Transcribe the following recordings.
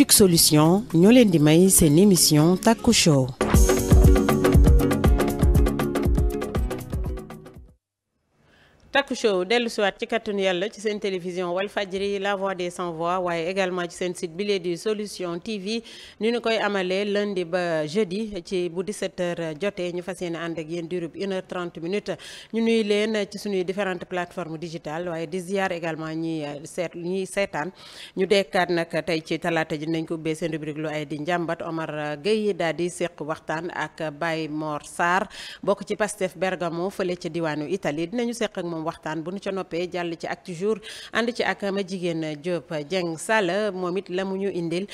boutique solution ñoo leen di may seen émission Taku Taku Show dellu siwaat ci kattanu yàlla ci seen télévision Walfadjri la voix des sans voix waaye également ci seen site bile di solution TV ni ñu koy amalee lundi ba jeudi ci bu 17h jotee ñu fas yéene ànd ak yéen di 1 heure 30 minutes ñu nuy leen ci suñuy différentes plateformes digitales waaye di ziar également ñi euh, seet ñi seetaan ñu dekkaat nag tey ci talaata ji nañ ko ubbee seen rubrique lu ay di njàmbat Omar euh, Gueye daal di seq waxtaan ak bay Mor Sarr bokk ci Pastef Bergamo fële ca diwaanu seq ak waxtaan bu nu ca noppee jàll ci ak Jour ànd ci ak ma jigéen Diop Dieng Sall moom it la mu ñu indil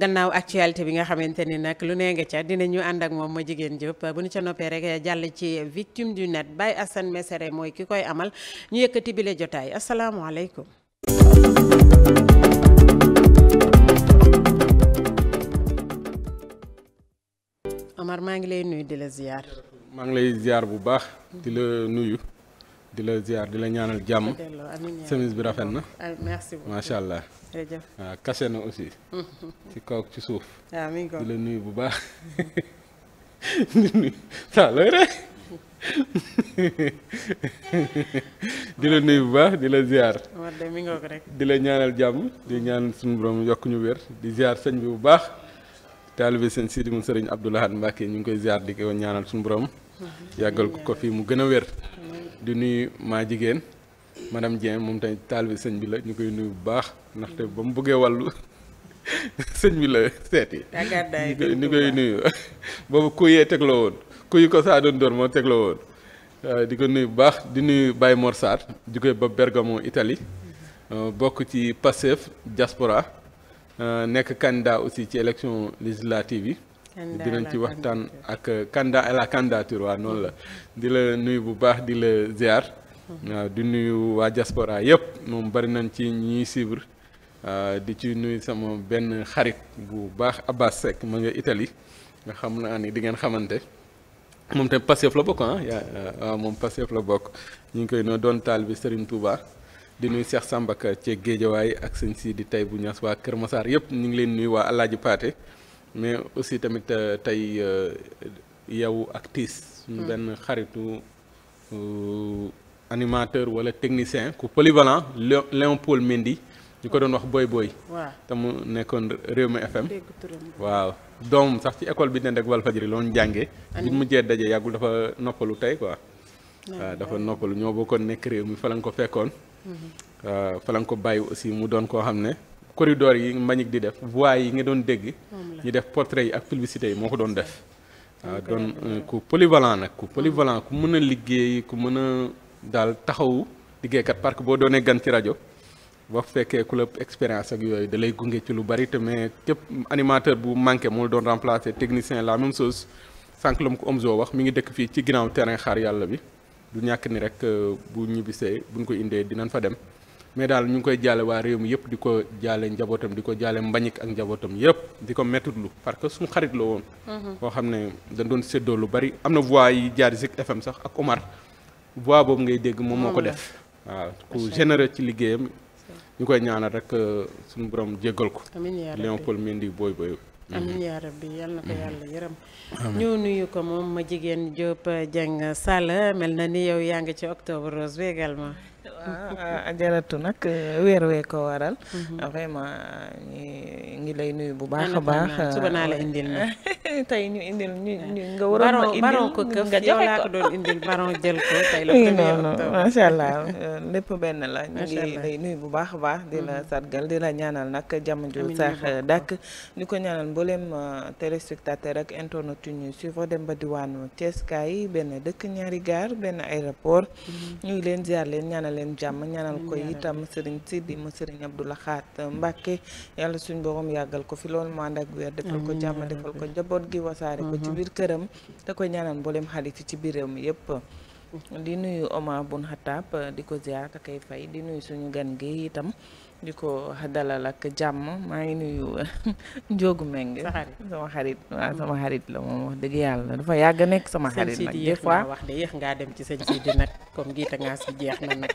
gannaaw actualité bi nga xamante ni nag lu nee nga ca dinañu ànd ak moom ma jigéen Diop bu nu ca noppee rek jàll ci victime du net Baye Assane Mesere mooy ki koy amal ñu yëkkati bile jotaay asalaamaaleykum. Omar maa ngi lay nuyu di la ziar. maa ngi lay ziar bu baax. di la nuyu. di la ziar di la ñaanal jàmm semis bi rafet na ah, merci macha allah waaw ah, kase na aussi ci kaw ci suuf ah, di la nuyu bu baax di nuyu saa looy rek di la nuyu bu baax di la di la ñaanal jàmm di ñaanal suñu borom yokk ñu wér di ziar sëñ bi bu baax taalibe seen Sidi mu sëriñ Abdoul Ahad Mbacke ñu ngi koy ziar di ko ñaanal suñu borom mhm. yàggal ko ko fii mu gën a wér di nuyu maa jigéen madame Dieng moom tamit taalibe sëñ bi la ñu koy nuyu bu baax ndaxte ba mu bëggee wàllu sëñ bi la seeti ñu koy nuyu boobu kuyee teg la woon kuy ko saa door moo teg la woon di ko nuyu bu baax di nuyu Baye Mor Sarr di koy ba Bergamo Italie euh, bokk ci Pastef diaspora euh, nekk candidat aussi ci élection législative yi dinañ ci waxtaan ak candidat la candidature waa noonu la di la nuyu bu baax di la ziar. Mhm. waaw di nuyu waa diaspora yëpp moom bari nañ ci cibre suivre di ci nuyu sama benn xarit bu baax Abbas Seck ma nga Italie nga xam naa ni di ngeen xamante moom tamit Pastef la bokk ah, moom Pastef la bokk ñu ngi koy noo doon taal bi Serigne Touba di nuyu Cheikh Sambaka ci Géejawaay ak sëñ si di tey bu ñaas waa Kër Masaar yëpp ñu ngi leen nuyu waa Alaaji Paate mais aussi tamit euh, tey euh, yow ak tiis suñu hmm. benn xaritu euh, animateur wala technicien ku polyvalent Léon Paul Mendy ñu ko doon wax booy boy te mu nekkoon réew Rewmi FM waaw doom sax ci école bi den rek Walfadjri loolu jàngee bi mu mujjee daje yàggul dafa noppalu tey quoi waaw dafa noppalu ñoo ko nekk réew mi fa ko fekkoon hmm. fa la ko bàyyi aussi mu doon koo xam ne corridor yi Mbagnick di def voix yi nga doon dégg ñu def portrait yi ak publicité yi moo ko doon def waaw ah, doon euh, ku polyvalent nag ku polyvalent ku mën a liggéey ku mën a daal taxawu liggéeykat parce que boo doonee gan ci rajo boo fekkee ku la expérience ak yooyu da lay gunge ci lu bari te mais képp animateur bu manqué moo doon remplacer technicien la même chose sànq la mu ko Omzo wax mi ngi dëkk fii ci ginnaaw terrain xaar yàlla bi du ñàkk ni rek euh, bu ñibbisee buñ ko indee dinañ fa dem mais daal ñu ngi koy jaale waa réew mi yëpp di ko jaale njabootam di ko jaale mbañik ak njabootam yëpp di ko mettitlu parce que suñ xarit la woon mhm. koo xam ne dañ doon séddoo lu bari am na voix yi jaar Zik FM sax ak Omar voix boobu ngay dégg moom moo ko ah, def waaw ah, ku généreux ci liggéeyam ñu koy ñaanal rek euh, suñu borom jéggal ko Léon Paul Mendy booy booy amin yaa rabbi yal na ko mhm. yàlla yërëm ñu nuyu ko moom ma jigéen Diop Dieng Sall mel na ni yow yaa ngi ci octobre rose bi a ah, ah, ajaratu nag euh, weer wee ko waral. Mhm. Ah, vraiment ñu ngi lay nuyu bu baax a baax. suba la euh, indil na tey ñu indil nga waroon ma indil baron ko doon indil baron jël tey la. macha allah euh, lépp benn la. ñu ngi lay nuyu bu baax a baax. di la mhm. sargal di la ñaanal nag jàmm ju sax dàkk. ñu ko ñaanal mboolem téléspectateur ak internet yu ñuy suivre dem ba diwaanu Thiès kaay benn dëkk ñaari gaar benn aéroport. Mhm. ñu leen ziar leen ñaanal leen. am jàmm ñaanal ko itam sëriñ Sidi mu sëriñ Abdou Lahat Mbacke yàlla suñ borom yàggal ko fi loolu mu ànd ak wér defal ko jàmm defal ko njaboot gi wasaare ko ci mhm. biir këram te ko ñaanal mboolem xalifi ci biir réew mi yëpp mhm. di nuyu Omar Bun Xataab di ko ziar kay fay di nuyu suñu gan gi itam di ko dalal ak jàmm maa ngi nuyu Ndiogou Meng. sama xarit waaw sama xarit la moom wax dëgg yàlla dafa yàgg nekk sama. xarit nag des fois wax de ngaa dem ci sëñ Sidi nag comme giita ngaa si jeex na nag.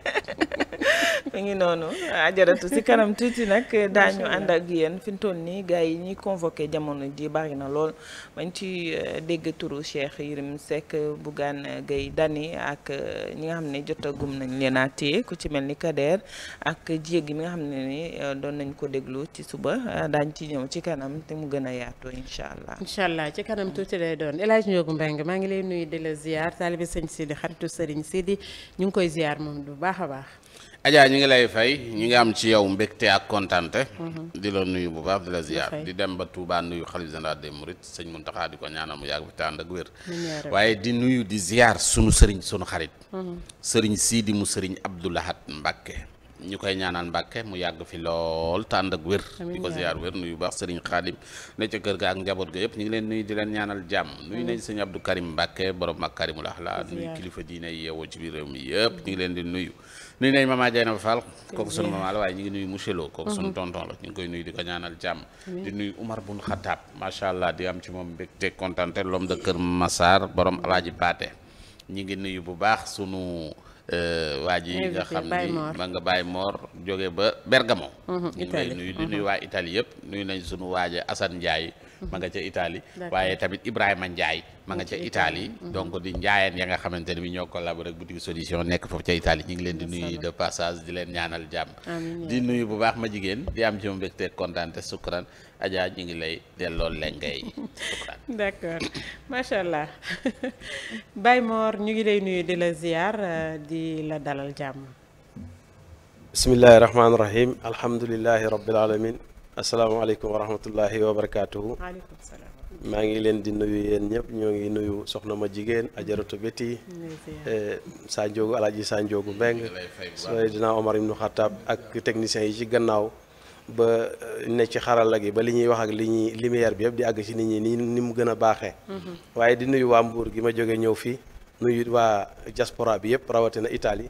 mi ngi noonu ajaratu si kanam tuuti nag daañu ànd ak yéen fi mu toll nii gars yi ñuy convoqué jamono ji bari na lool. bañ ci euh, dégg turu Cheikh Yérim Seck Bougane Gueye Dany ak euh, ñi nga xam ne jotagum nañ leen a téye ku ci mel ni Kader ak jéeg yi nga xam ne ni euh, doon nañ ko déglu ci suba daan ci ñëw ci kanam te mu gën a yaatoo incha allah. incha allah ci kanam tuuti lay doon El Hadj Ndiogou maa ngi lay nuyu di la ziar taalibe sëñ Sidi xaritu sëriñ Sidi ñu ngi koy ziar moom bu baax a baax. Adja ñu ngi lay fay ñu ngi am ci yow mbégte ak kontante mhm. di la nuyu bu baax di la ziar di dem ba Touba nuyu xalif général des mourides sëñ Muntaxa di ko ñaanal mu yàgg fi tànd ak waaye di nuyu di ziar sunu sëriñ sunu xarit mhm. sëriñ Sidi mu sëriñ Abdou Lahad Mbàkke ñu koy ñaanal Mbàkke mu yàgg fi lool tànd ak wër di ko ziar wér nuyu baax sëriñ Xaadim ne ca kër ga ak njaboot ga yëpp ñu ngi leen nuyu di leen ñaanal jàmm mhm. nuyu nañ sëñ Abdou Karim Mbàkke borom Makarimul Axlaaq nuyu kilifa diine yeewoo ci biir réew mi yëpp ñu ngi leen di nuyu nuyu nañ maman Dieynaba Fall kooku sunu maman waaye ñi ngi nuyu monsieur Lo kooku sunu tonton la ñu ngi koy nuyu di ko ñaanal jàmm di nuyu Umar bun Xataab macha allah di am ci moom mbégte te te l'homme de Kër Massar borom alaaji Paate ñi ngi nuyu bu baax sunu euh, waa ji nga xam ni ma nga bàyyi moor jóge ba Bergamo ñu ngi nuyu di nuyu waa Italie yëpp nuyu nañ sunu waaje Assane Ndiaye ma nga ca Italie waaye tamit Ibrahima Ndiaye ma nga ca Italie donc di njaayeen ya nga xamante ne bi ñoo collaboré ak boutique solution nekk foofu ca Italie ñu ngi leen di nuyu de passage di leen ñaanal jàmm di nuyu bu baax ma jigéen di am ci ma mbégte kontaan te sukran Adja ñu ngi lay delloo lengay sukran d'accord macha allah Baye Mor ñu ngi lay nuyu di la ziar euh, di la dalal jàmm bismillahi rahmaani rabbil alamin asalaamaaleykum wa rahmatullahi wa maa ngi leen di nuyu yéen ñëpp ñoo ngi nuyu soxna ma jigéen ajaratu béti eh, sanjoogu alaaji sanjoogu mbeng Seydina Omar ibnu Xattaab ak techniciens yi ci gannaaw ba eh, ne ci xarala gi ba li ñuy wax ak li ñuy lumière bi yëpp di àgg ci nit ñi ni ni mu gën a baaxee mhm. waaye di nuyu waa Mbuur gi ma jóge ñëw fii nuyu waa diaspora bi yëpp rawatina Italie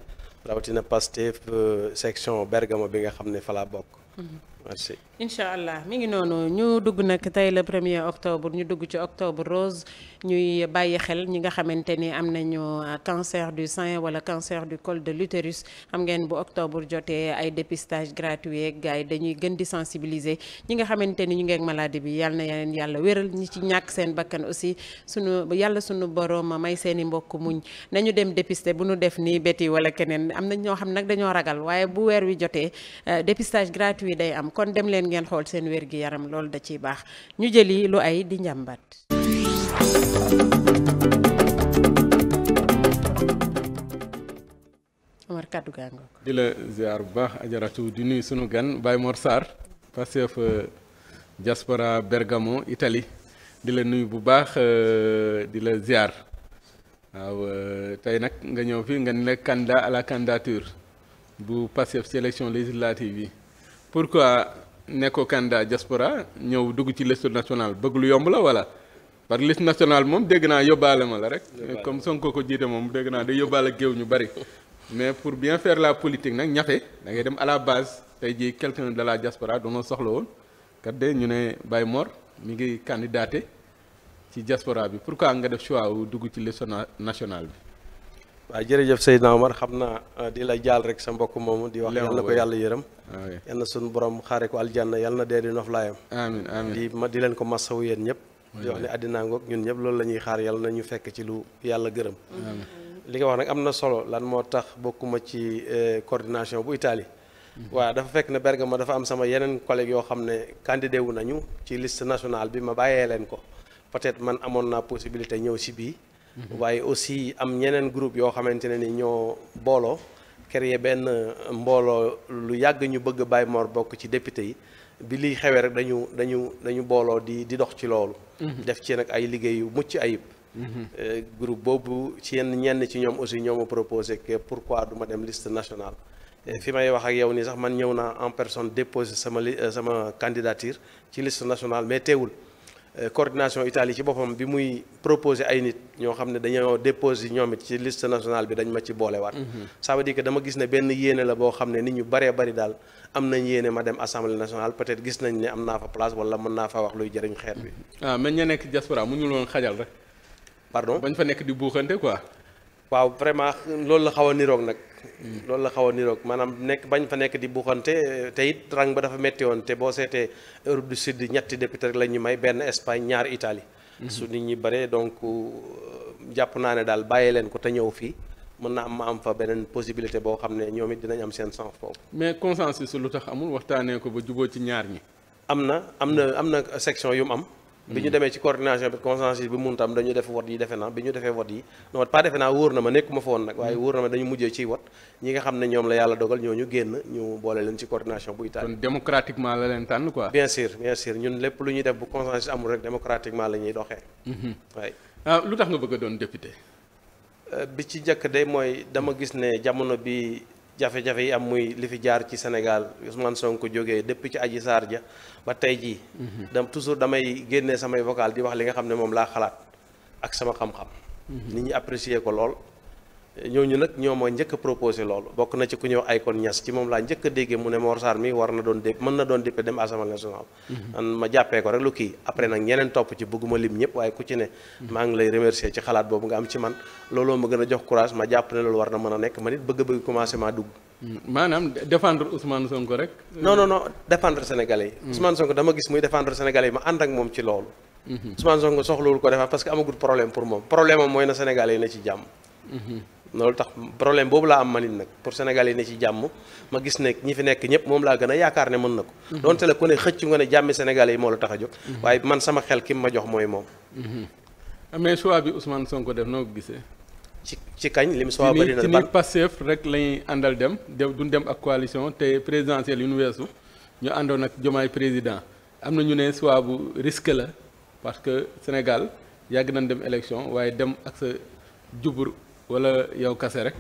rawatina Pastef eh, section Bergamo bi nga xam ne fa bokk mhm. merci incha allah mi ngi noonu ñu dugg nag tey le premier octobre ñu dugg ci octobre rose ñuy bàyyi xel ñi nga xamante ni am nañu cancer du sein wala cancer du col de l'utérus xam ngeen bu octobre jotee ay dépistage gratuit gars yi dañuy gën di sensibiliser ñi nga xamante ni ñu ngeeg maladie bi yàlla na leen yàlla wéral ñi ci ñàkk seen bakkan aussi sunu yàlla sunu borom ma may seen i mbokk muñ nañu dem dépister bu nu def nii beti wala keneen am na ñoo xam nag dañoo ragal waaye bu weer wi jotee euh, dépistage gratuit day am kon dem leen ngeen xool seen wér gi yaram loolu da ciy baax ñu jëli lu ay di njàmbat Omar di la ziar bu baax ajaratu di nuyu sunu gan bay Mor Sarr Pastef euh, diaspora Bergamo Italie di la nuyu bu baax euh, di la ziar waaw euh, tey nag nga ñëw fii nga ne la candidat à la candidature bu Pastef ci élection législative yi pourquoi nekko candidat diaspora ñëw dugg ci liste national bëgg lu yomb la wala par que national moom dégg naa yóbbaale ma la rek. comme Sonko ko jiite moom dégg naa day yóbbaale géew ñu bari. mais pour bien fair la politique nag ñafe da ngay dem à la base tey jii quelqu'un de la diaspora doonoo soxla woon kat de ñu ne bay Mor mi ngi candidaté ci diaspora bi pourquoi nga def choix wu dugg ci liste national bi. waaw jërëjëf Seydina Omar xam naa euh, di la jaal rek sa mbokk moomu di wax yal na ko yàlla yërëm yal na suñu borom xaare ko aljanna yal na dee di noflaayam amiin amiin di ma di leen ko massawu yéen ñëpp di wax ne àddina ngoog ñun ñëpp loolu la ñuy xaar yal na ñu fekk ci lu yàlla gërëm li nga wax nag am na solo lan moo tax bokkuma ci euh, coordination bu Italie mhm. waa dafa fekk ne ma dafa am sama yeneen collègue yoo xam ne candidat wu nañu ci liste nationale bi ma bàyyee leen ko peut-être man amoon naa possibilité ñëw si bii Mm-hmm. waaye aussi am ñeneen groupe yoo xamante ne ni ñoo booloo créer benn mbooloo lu yàgg ñu bëgg Baye Mor bokk ci député yi bi liy xewee rek dañu dañu dañu booloo di di dox ci loolu. Mm-hmm. def ci nag ay liggéey yu mucc ayib. Mm-hmm. Eh, groupe boobu ci yenn ñenn ci ñoom aussi ñoo ma proposé que pourquoi du dem liste national eh, fi may wax ak yow nii sax man ñëw naa en personne déposé sama li euh, sama candidature ci liste national mais teewul. Euh, coordination Italie ci boppam bi muy proposé ay nit ñoo xam ne dañoo déposé ñoom ci liste nationale bi dañ ma ci boolewaat. Mhm. ça veut dire que dama gis ne benn yéene la boo xam ne nit ñu baree bari daal am nañ yéene ma dem assemblée nationale peut-être gis nañ ne am naa fa place wala mën naa fa wax luy jëriñ xeet bi. ah mais ña nekk diaspora mu ñu loon xajal rek. pardon bañ fa nekk di buuxante quoi. waaw vraiment loolu la xaw a niroog nag. loolu la xaw a niroog maanaam nekk bañ fa nekk di buuxante te it rang ba dafa metti woon te boo seetee Europe du Sud ñetti député rek la ñu may benn Espagne ñaar Italie mhm. su nit ñi bare donc euh, jàpp naa ne daal bàyyee leen ko te ñëw fii mën na am ma am fa beneen possibilité boo xam ne ñoom it dinañ am seen sens foofu. mais consensus lu tax amul waxtaanee ko ba juboo ci ñaar ñi. am na am na am na section yu mu am. bi ñu demee ci coordination bi consensus bi mun tam dañu def vote yi defe naa bi ñu defee vote yi non pas defe naa wóor na ma nekkuma fa woon nag waaye wóor na ma dañu mujjee ciy vote ñi nga xam ne ñoom la yàlla dogal ñooñu génn ñu boole leen ci coordination bu Italie. kon démocratiquement lu tax nga bëgg doon député. Euh, bi ci njëkk de mooy dama gis ne jamono bi jafe-jafe yi am muy li fi jaar ci Sénégal Ousmane Sonko jógee depuis ci aji saar ja ba tey jii. Mhm. dam toujours damay génnee samay vocal di wax li nga xam ne moom laa xalaat ak sama xam-xam. Mhm. nit ñi apprécier ko lool. ñooñu nag ñoo ma njëkk a proposé loolu bokk na ci ku ñëw Akon Ñas ci moom laa njëkk a déggee mu ne Mor mi war na doon dé mën na doon député dem assemblée mhm. ma jàppee ko rek lu kii après nag ñeneen topp ci bëgguma lim ñëpp waaye ku ci ne mhm. maa ngi lay remercier ci xalaat boobu nga am ci man looloo ma gën a jox courage ma jàpp ne loolu war na mën a nekk ma nit bëgg bëgg commencé maa dugg mhm. maanaam défendre Ousmane Sonko muy défendre Sénégalais yi ma ànd ak moom ci loolu Ousmane Sonko soxlawul ko defar parce que amagul problème pour loolu tax problème boobu laa am manit nag pour sénégalais ne ci jàmm ma gis ne ñi fi nekk ñëpp moom laa gën yaakaar ne mën na ko mhm. donte la ku ne xëcc nga ne jàmmi sénégalais yi moo la tax a jóg mhm. waaye man sama xel ki ma jox mooy moom mhm. mais choix bi Ousmane Sonko def noo ko gisee ci ci kañ lim soo bëri na ci ni Pastef rek lañuy àndal dem duñ dem ak coalition te présidentielle yu ñu weesu ñu àndoon ak Diomaye président am na ñu ne soit bu risque la parce que Sénégal yàgg nañ dem élection waaye dem ak sa jubur wala yow kase rek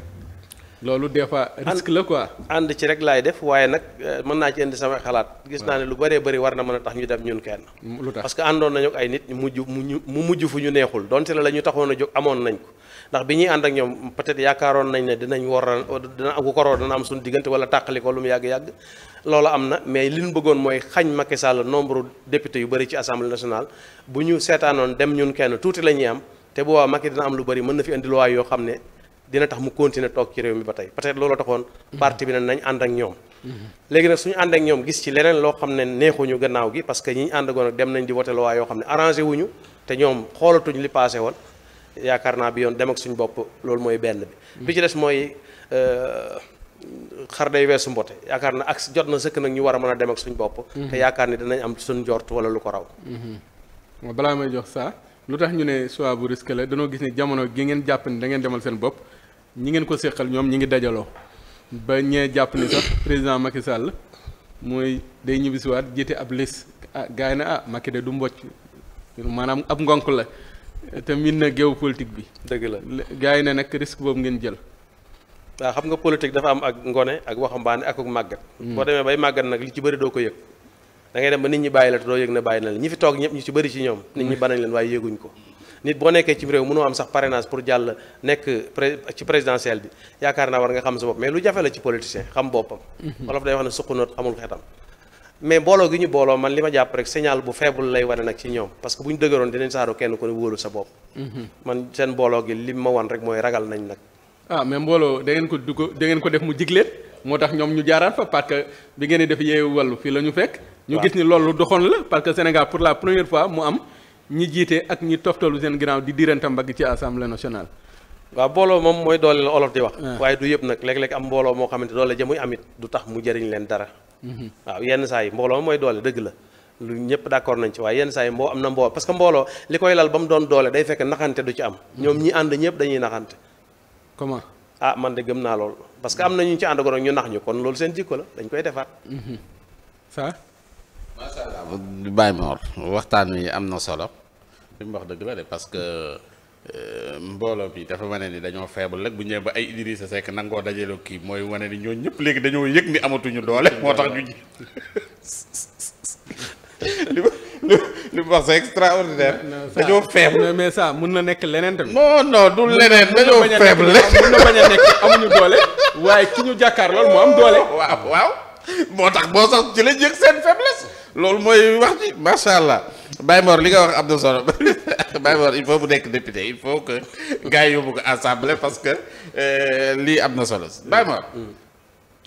loolu des fois risque la quoi. ànd ci rek laay def waaye nag euh, mën naa ci indi sama xalaat. gis naa ne lu baree bari war na mën a tax ñu dem ñun kenn. lu tax que àndoon nañu ay nit mujj mu mujj fu ñu neexul donte la la ñu taxoon a jóg amoon nañ ko ndax bi ñuy ànd ak ñoom peut-être yaakaaroon nañ ne dinañ war a dina ko koroo dana am suñu diggante wala tàqali ko lu mu yàgg-yàgg. loolu am na mais li ñu bëggoon mooy xañ Macky Sall nombre député yu bari ci assemblée nationale bu ñu seetaanoon dem ñun kenn tuuti la ñuy am. te boobaa Macky dina am lu bëri mën na fi indi loi yoo xam ne dina tax mu continuer toog ci réew mi ba tey peut-être loolu taxoon parti bi ne nañ ànd ak ñoom léegi nag suñu ànd ak ñoom gis ci leneen loo xam ne neexuñu gannaaw gi parce que ñi ñu àndagoon ak dem nañ di voté te ñoom xoolatuñ li passé woon yaakaar naa bi yoon dem ak suñu bopp loolu mooy benn bi bi des mooy euh, xar day weesu mbote yaakaar na ak jot na sëkk nag ñu war a mën a dem ak suñu bopp te yaakaar ni dinañ am suñu njort wala lu ko raw mm-hmm. balaa may jox saa lu tax ñu ne choix bu risque la dañoo gis ne jamono gi ngeen jàpp ni dangeen ngeen demal seen bopp ñi ngeen ko séqal ñoom ñi ngi dajaloo ba ñee jàpp ni sax président Macky Sall mooy day ñibbisiwaat jiite ab lis ah gars ah Macky de du mbocc maanaam ab ngonk la te min na géew géopolitique bi. dëgg la gars yi ne nag risque boobu ngeen jël. waaw xam nga politique dafa am ak ngone ak waxambaane ak ak màggat. moo hmm. demee bay màggat nag li ci bëri doo ko yëg. da dem ba nit ñi bàyyi la te doo yëg ne bàyyi na la ñi fi toog ñëpp ñu ci bëri ci ñoom nit ñi banañ leen waaye yëguñ ko nit boo nekkee ci réew mënoo am sax parrainage pour jàll nekk ci présidentielle bi yaakaar naa war nga xam sa bopp mais lu jafe la ci politicien xam boppam mhm. wolof day wax ne suqanoot amul xetam mais booloo gi ñu booloo man li ma jàpp rek signal bu faible lay wane nag ci ñoom parce que bu ñu dëgëroon dinañ saaroo kenn ku ne wóolu sa bopp mhm. mooy ragal nañ nag ah mais mbooloo da ngeen ko du ko da ngeen ko def mu jigleen moo tax ñoom ñu jaaraan que ngeen di def yeewu wàllu fii la ñu fekk ñu gis ni loolu doxoon la parce que Sénégal pour la première fois mu am ñi jiite ak ñi toftalu seen ginnaaw di diirante mbagg ci assemblée nationale. waaw mbooloo moom mooy doole la olof di wax. Ah. waaye du yëpp nag léeg-léeg am mbooloo moo xamante doole ja muy amit du tax mu jëriñ leen dara. Mhm. waaw yenn saa yi mbooloo mooy doole dëgg la. lu ñëpp d'accord nañ ci waaye yenn saa yi mboo am na mbooloo parce que mbooloo li koy lal ba mu doon doole day fekk n du ci am. Mhm. ñoom ñi ànd ñëpp dañuy naxante. comment ah man de gëm naa lool parce que am na ñu ànd ko nax ñu kon loolu seen jikko la dañ koy defaat. Mhm. macha allah waxtaan wi am na solo li mu wax dëgg la de parce que euh, mbooloo bi dafa wane ni dañoo faible rek bu ñëwee ba ay Idrissa Seck nangoo dajale kii mooy wane ni ñoo ñëpp léegi dañoo yëg ni amatuñu doole moo tax ñu li li wax c'est extraordinaire. dañoo faible mun na nekk leneen tamit. non non du leneen dañoo faible mun na bañ a nekk amuñu doole waaye ki ñu jàkkaar loolu moo am doole. waaw waaw moo tax boo sax ci la jëg seen faiblesse. loolu mooy wax ji macha allah Baye li nga wax am na solo Baye il faut bu nekk député il faut que gars yi yóbbu ko assemblée parce que euh, lii am na solo Baye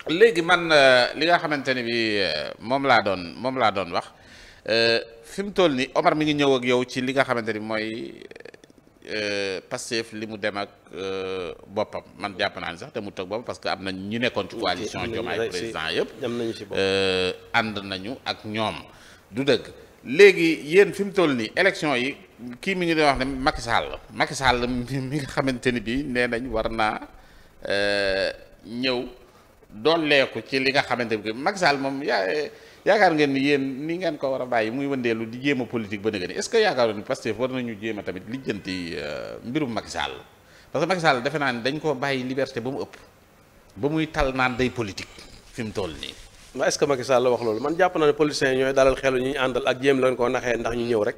léegi man euh, li nga xamante ni bi euh, moom laa doon moom laa doon wax fi mu toll nii Omar mi ngi ñëw ak yow ci li nga xamante ni mooy. Euh, Pastef li mu dem ak euh, boppam man jàpp naa ni sax te mu toog boppam parce que am na ñu nekkoon ci coalition Diomaye président yëpp euh, ànd nañu ak ñoom du dëkk léegi yéen fi mu toll nii élection yi kii mi ngi doon wax ne Macky Sall Macky Sall mi nga xamante ni bii nee nañ war naa ñëw dooleeku ci li nga xamante ni Macky moom yaa yaakaar ngeen ni yéen ni ngeen ko war a bàyyi muy wëndeelu di jéem a politique ba nëgë ni est-ce que yaakaaroon ni Pastef war nañu jéem a tamit lijjanti euh, mbirum Macky Sall parce que defe naa ni dañ koo bàyyi liberté ba mu ëpp ba muy tal naan day politique fi mu toll nii mais est-ce que Macky Sall la wax loolu man jàpp naa ne politiciens ñooy dalal xelu ñu àndal ak jéem leen koo naxee ndax ñu ñëw rek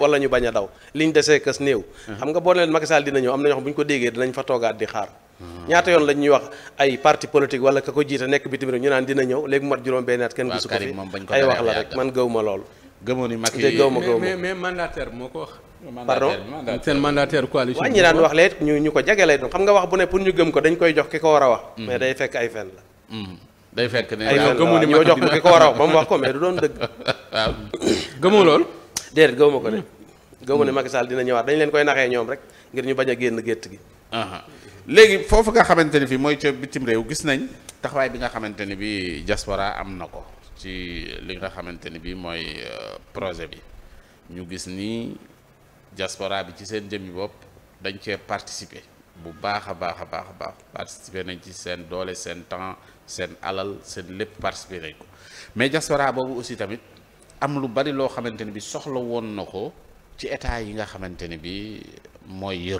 wala ñu bañ a daw li ñu desee kës néew xam nga boo ne leen Macky Sall dina ñëw am na ñoo xam bu ñu ko déggee dinañ fa toogaat di xaar ñaata yoon lañ ñuy wax ay parti politique wala ka ko naan dina ñëw léegi mu mat juróom benn at kenn gisu ko fi ko wax pardon seen mandataire coalition wax lee ñu ñu ko jage nga wax bu ne pour ñu gëm ko dañ koy jox ki ko war a wax mais day fekk ay fen la day fekk ne waaw gëmu ni ñoo ko ki ko war a wax ba mu doon dëgg. waaw gëmoo lool. ko de. Hmm. gëmu ne Macky dina ñëwaat dañ leen koy naxee ñoom rek ngir ñu bañ a génn gétt gi. léegi foofu nga xamante ne fi mooy ca bitim réew gis nañ taxawaay bi nga xamante ne bi diaspora am na ko ci li nga xamante ne bi mooy euh, projet bi ñu gis ni diaspora bi ci seen jëmmi bopp dañ cee participer bu baax a baax a baax a baax participer nañ ci seen doole seen temps seen alal seen lépp participer nañ ko mais diaspora boobu aussi tamit am lu bari loo xamante ne bi soxla woon na ko ci état yi nga xamante ne bi mooy yi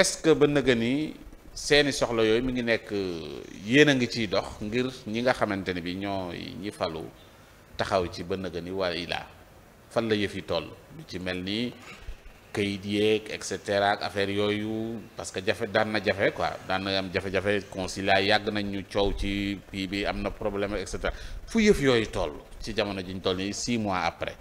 est-ce que ba nëga ni seeni soxla yooyu mi ngi nekk yéen a ngi ciy dox ngir ñi nga xamante ne bi ñoo ñi falu taxaw ci ba nëga ni walla fan la yëf yi toll ci mel nii këyit yeeg et cetera ak affaire yooyu parce que jafe daan na jafe quoi daan na am jafe-jafe consulat yàgg nañ ñu coow ci kii bi am na problème et cetera fu yëf yooyu toll ci jamono ji ñu toll nii six mois après.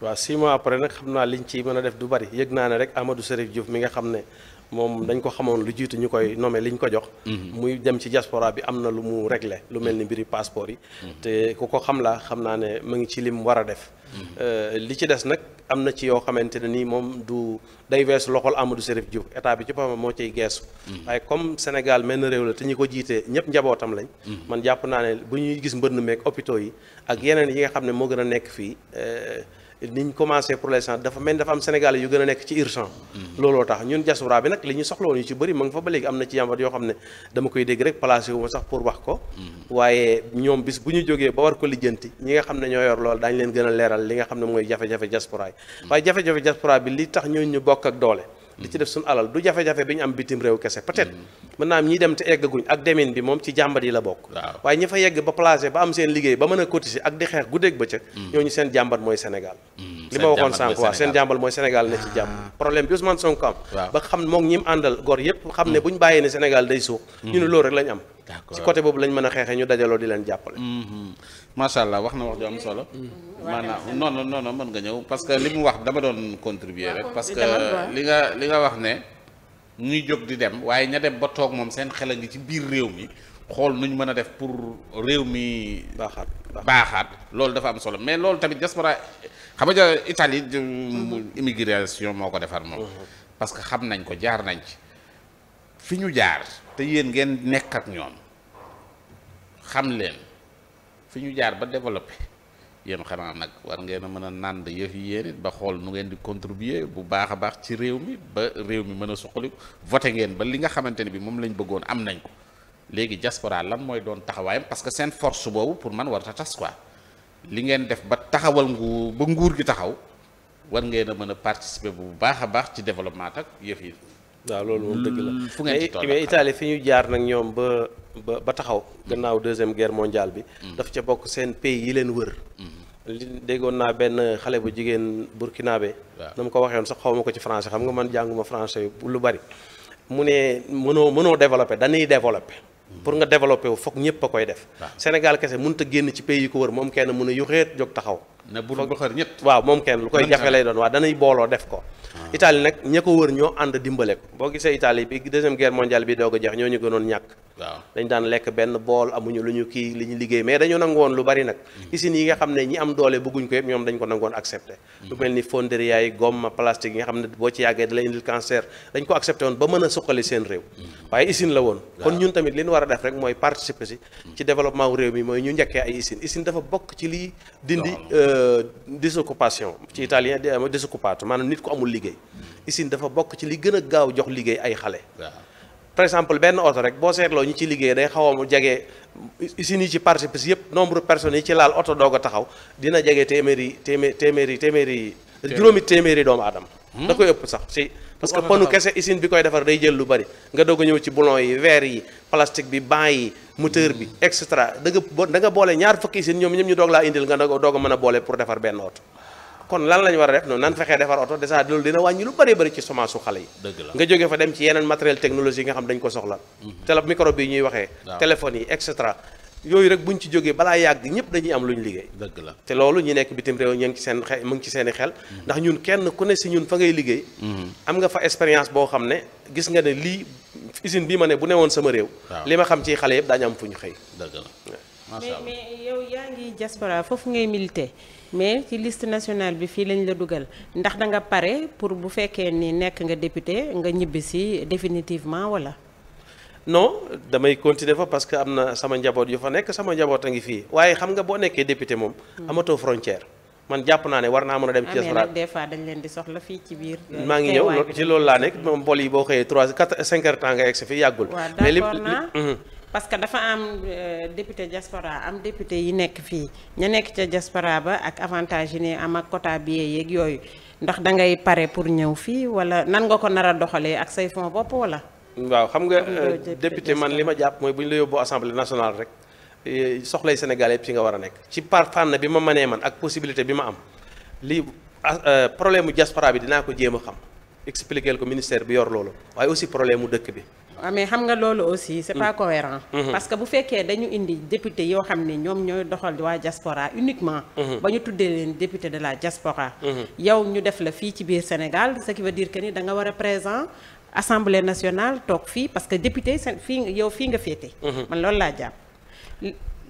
waaw six mois après nag xam naa liñ ci mën a def du bari yëg naa ne rek Amadou Serif Diouf mi nga xam ne moom dañ ko xamoon lu jiitu ñu koy nommé liñ ko jox. Mhm. muy dem ci diaspora bi am na lu mu réglé lu mel ni mbiri passeport yi. Mhm. te ku ko xam la xam naa ne mu ngi ci lim war a def. Mhm. Euh, li ci des nag am na ci yoo xamante ne nii moom du day weesu loxol Amadou Chérif Diouf état bi ci boppam moo ciy geesu. waaye comme Sénégal mel na réew la te ñu ko jiitee ñëpp njabootam lañ. man jàpp naa ne bu ñuy gis mbënn meeg hôpitaux yi. ak yeneen yi nga xam ne moo gën a nekk fii. Euh, niñ commencé pour l'instant dafa mel dafa am Sénégalais yu gën a nekk ci urgent looloo tax ñun diaspora bi nag li ñu soxloon yu ci bëri ma fa ba léegi am na ci yàmbat yoo xam ne dama koy dégg rek placé wu ma sax pour wax ko mm-hmm. waaye ñoom bis bu ñu jógee ba war ko lijjanti ñi nga xam ne ñoo yor lool daañu leen gën a leeral li nga xam ne mooy jafe-jafe diaspora yi mm-hmm. waaye jafe-jafe diaspora bi li tax ñu ñu bokk ak doole li ci def suñu alal du jafe-jafe bi ñu am bitim réew kese peut-être naa am ñi dem te eggaguñ ak demin bi moom ci jàmbat yi la bokk waaye ñi fa yegg ba placé ba am seen liggéey ba mën a cotiser ak di xeex guddeeg bëccëg mm. seen jàmbat mooy Sénégal mm. li ma waxoon sànq waaw seen jàmbal mooy Sénégal ne ci jàmm ah. problème bi Ousmane Sonko am ba xam moom ñi mu àndal gor yépp xam ne mm. bu ñu bàyyee ne Sénégal day suux ñu ne loolu rek lañ am ci côté boobu lañ mën a xeexee ñu dajaloo di leen jàppale mm-hmm. macha allah wax na wax ju am solo. Mm. maanaam non non non mën nga ñëw parce que li mu wax dama doon contribuer rek. Ah, parce que li nga li nga wax ne. ñuy jóg di dem waaye ña dem ba toog moom seen xel a ngi ci biir réew mi xool nu ñu mën a def pour réew mi. baaxaat loolu dafa am solo mais loolu tamit diaspora xam nga Italie mm-hmm. immigration moo ko defar moom. Mm-hmm. parce que xam nañ ko jaar nañ ci fi ñu jaar te yéen ngeen nekk ak ñoom xam leen. fi ñu jaar ba développé yéen xanaa nag war ngeen a mën a nànd yëf yi yéen ba xool nu ngeen di contribuer bu baax a baax ci réew mi ba réew mi mën a suqaliku voté ngeen ba li nga xamante ne bi moom lañ bëggoon am nañ ko léegi diaspora lan mooy doon taxawaayam parce que seen force boobu pour man war a tas quoi li ngeen def ba taxawal ngu ba nguur gi taxaw war ngeen a mën a participer bu baax a baax ci développement ak yëf yi. waaw loolu moom dëgg la hmm, mais Italie fi ñu jaar nag ñoom ba ba ba taxaw gannaaw deuxième guerre mondiale bi hmm. daf ca bokk seen pays yi leen wër hmm. li déggoon naa benn xale bu jigéen burkinabé na mu ko waxee woon sax xaw ma ko ci français xam nga man jànguma français lu bari mu ne mënoo mënoo développé dañuy développé pour nga développé wu foog ñëpp a koy def. Sénégal kese mun a génn ci pays yu ko wër moom kenn mu a yuxeet jóg taxaw. na bu ba xër ñett waaw moom kenn lu koy jafe lay doon waa danay booloo def ko. Ah. Italie nag ña ko wër ñoo ànd dimbale ko boo gisee Italie bi deuxième guerre mondiale bi doog a jeex ñoo ñu gënoon ñàkk. waaw dañ daan lekk benn bool amuñu lu ñu kii li ñu liggéey mais dañu nangoon lu bari nag mm-hmm. usines yi nga xam ne ñi am doole bëgguñ ko yëpp ñoom dañ ko nangoon accepté mm-hmm. lu mel ni fonderia yi gomme plastique yi nga xam ne boo ci yàggee da lay indil cancer dañ ko accepté woon ba mën a suqali seen réew mm-hmm. waaye usine la woon kon ñun tamit li ñu war def rek mooy participer si ci développement réew mi mooy ñu njëkkee ay usine usine dafa bokk ci lii dindi euh, désoccupation ci italien euh, désoccupato maanaam nit ko amul liggéey usine dafa bokk ci li gën a gaaw jox liggéey ay xale par exemple benn oto rek boo seetloo ñi ci liggéey day xaw a jege usines yi ci participe yëpp nombre personnes yi ci laal oto doog a taxaw dina jege téeméeri téemé téeméeri téeméeri juróomi téeméeri doomu aadama hmm? da koy ëpp sax si parce que panu kese usine bi koy defar day jël lu bari nga doog a ñëw ci boulon yi verre yi plastique bi banc yi moteur bi et cetera da nga da nga boole ñaar fukki usine ñoom ñoom ñu doog laa indil nga doog a mën a boole pour defar benn oto kon lan la ñu war a def noonu nan fexee defar oto dèjà loolu dina wàññi lu bëree bëri ci semence su xale yi nga jógee fa dem ci yeneen matériel technologie nga xam dañ ko soxla mhm. télé yi et yooyu rek buñ ci jógee balaa yàgg ñëpp dañuy am lu ñu liggéey dëgg la te loolu ñi nekk bitim réew ñu ngi ci seen xel mu ngi ci seen i xel mhm. ndax ñun kenn ku ne si ñun fa ngay liggéey mhm. am nga fa expérience boo xam ne gis nga ne lii usine bii ma ne bu ne woon sama réew li ma xam ci xale yëpp daañu am fu ñu xëy dëgg la mais mais yow yaa ngi diaspora foofu ngay mais ci liste nationale bi fii lañ la dugal ndax da nga pare pour bu fekkee ni nekk nga député nga ñibbi si définitivement wala. non damay continuer fa parce que am na sama njaboot yu fa nekk sama njaboot a ngi fii waaye xam nga boo nekkee député moom. Hmm. amatoo frontière. man jàpp naa ne war naa mën a dem. ci diaspora des fois dañ leen di soxla fii ci biir. Euh, maa ngi ñëw ci loolu laa nekk moom bool yi boo xëyee 3 4 5 heures temps nga egg si fi yàggul. mais li parce que dafa am euh, député diaspora am député yi nekk fii ña nekk ca diaspora ba ak avantage yi ne am ak quota billet yeeg yooyu ndax da ngay pare pour ñëw fii wala nan nga ko nar a doxalee ak say fonds bopp wala. waaw xam nga euh, député man li ma jàpp mooy bu ñu la yóbbu assemblée nationale rek eh, soxlay Sénégal yëpp ci nga war a nekk ci par fànn bi ma mënee man ak possibilité bi ma am lii euh, problème mu diaspora bi dinaa ko jéem a xam expliquer ko ministère bi yor loolu waaye aussi problème mu dëkk bi. waaw ah, mais xam nga loolu aussi c'est pas mm. cohérent mm-hmm. parce que bu fekkee dañu indi député yoo xam ni ñoom ñooy doxal waa diaspora uniquement mm-hmm. ba ñu tuddee leen député de la diaspora mm-hmm. yow ñu def la fii ci biir Sénégal ce qui veut dire que ni da nga war a présent assemblée nationale toog fii parce que député fii yow fii nga féete man loolu laa jàpp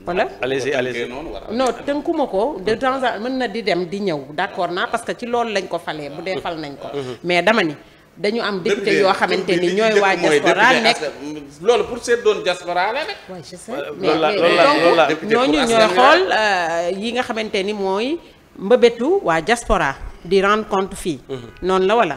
voilà allez-y allez-y non tënkuma ko de temps en mën na di dem di ñëw d'accord naa parce que ci loolu lañ ko falee bu dee fal nañ ko mais dama ni dañu am député yoo xamante ni ñooy waa diaspora nekk loolu pour seet doon diaspora la rek. waaw je sais mais donc ñooñu ñooy xool euh, yi nga xamante ni mooy mbëbëtu waa jaspora di rendre compte fii. Mhm. noonu la wala.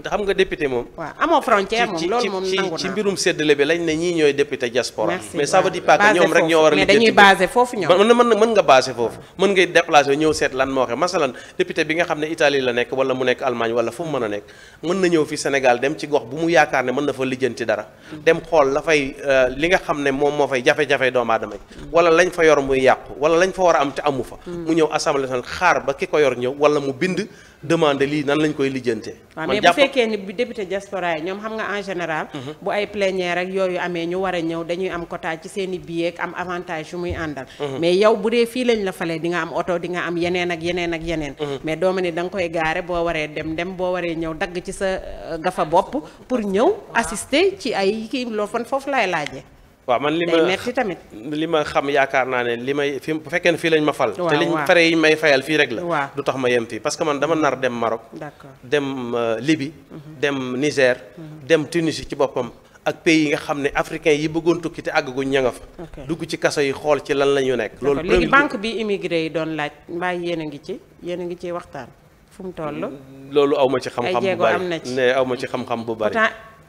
ndax xam nga député moom. waaw amoo frontière moom loolu moom nangu naa ci mbirum séddale bi lañ ne ñii ñooy député diaspora. mais ça veut dire pas ñoom rek ñoo war a. mais dañuy basé foofu ñoom. mën mën nga basé foofu mën ngay déplacé ñëw seet lan moo xew masalan député bi nga xam ne Italie la nekk wala mu nekk Allemagne wala fu mu mën a nekk mën na ñëw fi Sénégal dem ci gox bu mu yaakaar ne mën na fa lijjanti dara. dem xool la fay euh, li nga xam ne moom moo fay jafe-jafe doomu aadama yi wala lañ fa yor muy yàqu wala lañ fa war am te amu fa mm. mu ñëw assemblée xaar ba ki ko yor ñëw wala mu bind demande lii nan lañ koy lijjante. waaw mais bu fekkee ni bu député diaspora yi ñoom xam nga en général. Mhm. bu ay plénière ak yooyu amee ñu war a ñëw dañuy am quota ci seeni i am avantage yu muy àndal. Mhm. mais yow bu dee fii lañ la falee dinga am oto di nga am yeneen ak yeneen ak yeneen. Mhm. mais doo ma ne da koy gaare boo waree dem dem boo waree ñëw dagg ci sa euh, gafa bopp pour ñëw assister ci ay kii loolu fan foofu laay laajee. waaw man li ma metti tamit li ma xam yaakaar naa ne li may fi bu fekkee ne fii lañ ma fal te liñ fare yi may fayal fii rek la du tax ma yem fii parce que man dama nar dem Maroc dem euh, Libye mhm. dem Niger mhm. dem Tunisie ci boppam ak pays yi nga xam ne africain yi bëggoon tukki te àggaguñ ña nga fa dugg ci kaso yi xool ci lan la ñu nekk loolu léegi banque bi immigré yi doon laaj mbaa yéen a ngi ci yéen ngi ciy waxtaan fu mu toll loolu aw ma ci xam-xam bu bari ne aw ma ci xam-xam bu bari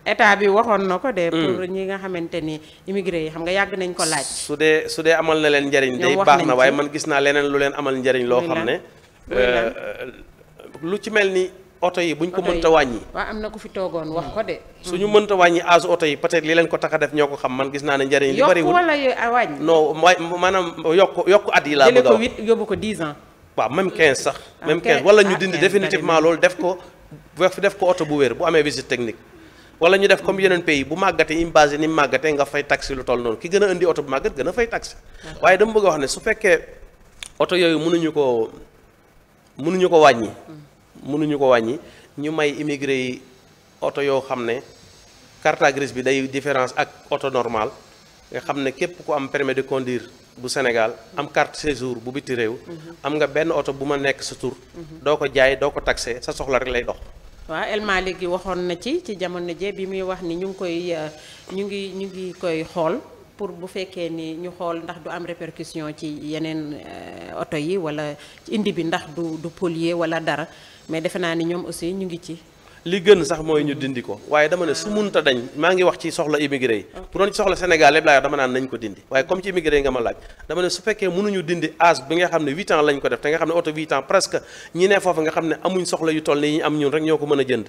état bi waxoon na ko de. Hmm. pour ñi nga xamante ni immigré yi xam nga yàgg nañ ko laaj. su dee su dee amal na leen njariñ day baax na waaye man gis naa leneen lu leen amal njariñ loo xam ne. Euh, lu ci mel ni oto yi buñ ko mënta wàññi. waaw am na ku fi toogoon wax ko de. Hmm. suñu hmm. mënta wàññi aasu oto yi peut-être li leen ko tax a def ñoo ko xam man gis naa ne njariñ. li bariwul yokk wala wàññi. non maanaam yokk yokk at yi laa bëgg a wax jëlee ko 8 yóbbu ko 10 ans. sax. Ah, même 15 wala ñu ah, dindi définitivement loolu def ko def ko oto bu wér bu amee visite technique wala ñu def comme yeneen pays bu màggatee im basé ni màggatee nga fay taxe lu toll noonu ki gën a indi oto bu màggat gën a fay taxe waaye dama bëgg a wax ne su fekkee oto yooyu mënuñu ko mënuñu ko wàññi mm. mënuñu ko wàññi ñu may immigré yi oto yoo xam ne carte grise bi day différence ak auto normal nga xam ne képp ku am permis de conduire bu Sénégal am carte séjour bu biti réew mm-hmm. am nga benn oto bu ma nekk sa tur mm-hmm. doo ko jaay doo ko taxé sa soxla rek lay dox waaw El Malick gi waxoon na ci ci jamono jee bi muy wax ni ñu ngi koy euh, ñu ngi ñu ngi koy xool pour bu fekkee ni ñu xool ndax du am répercussion ci yeneen euh, oto yi wala indi bi ndax du du polluer wala dara mais defe naa ni ñoom aussi ñu ngi ci li gën sax mooy ñu dindi ko waaye dama ne su munta dañ maa ngi wax ci soxla immigré yi bu doon ci soxla Sénégal lépp laa dama naan nañ ko dindi waaye comme ci immigré yi nga ma laaj dama ne su fekkee mënuñu dindi âge bi nga xam ne huit ans lañ ko def te nga xam ne oto huit ans presque ñi ne foofu nga xam ne amuñ soxla yu toll ni ñu am ñun rek ñoo ko mën a jënd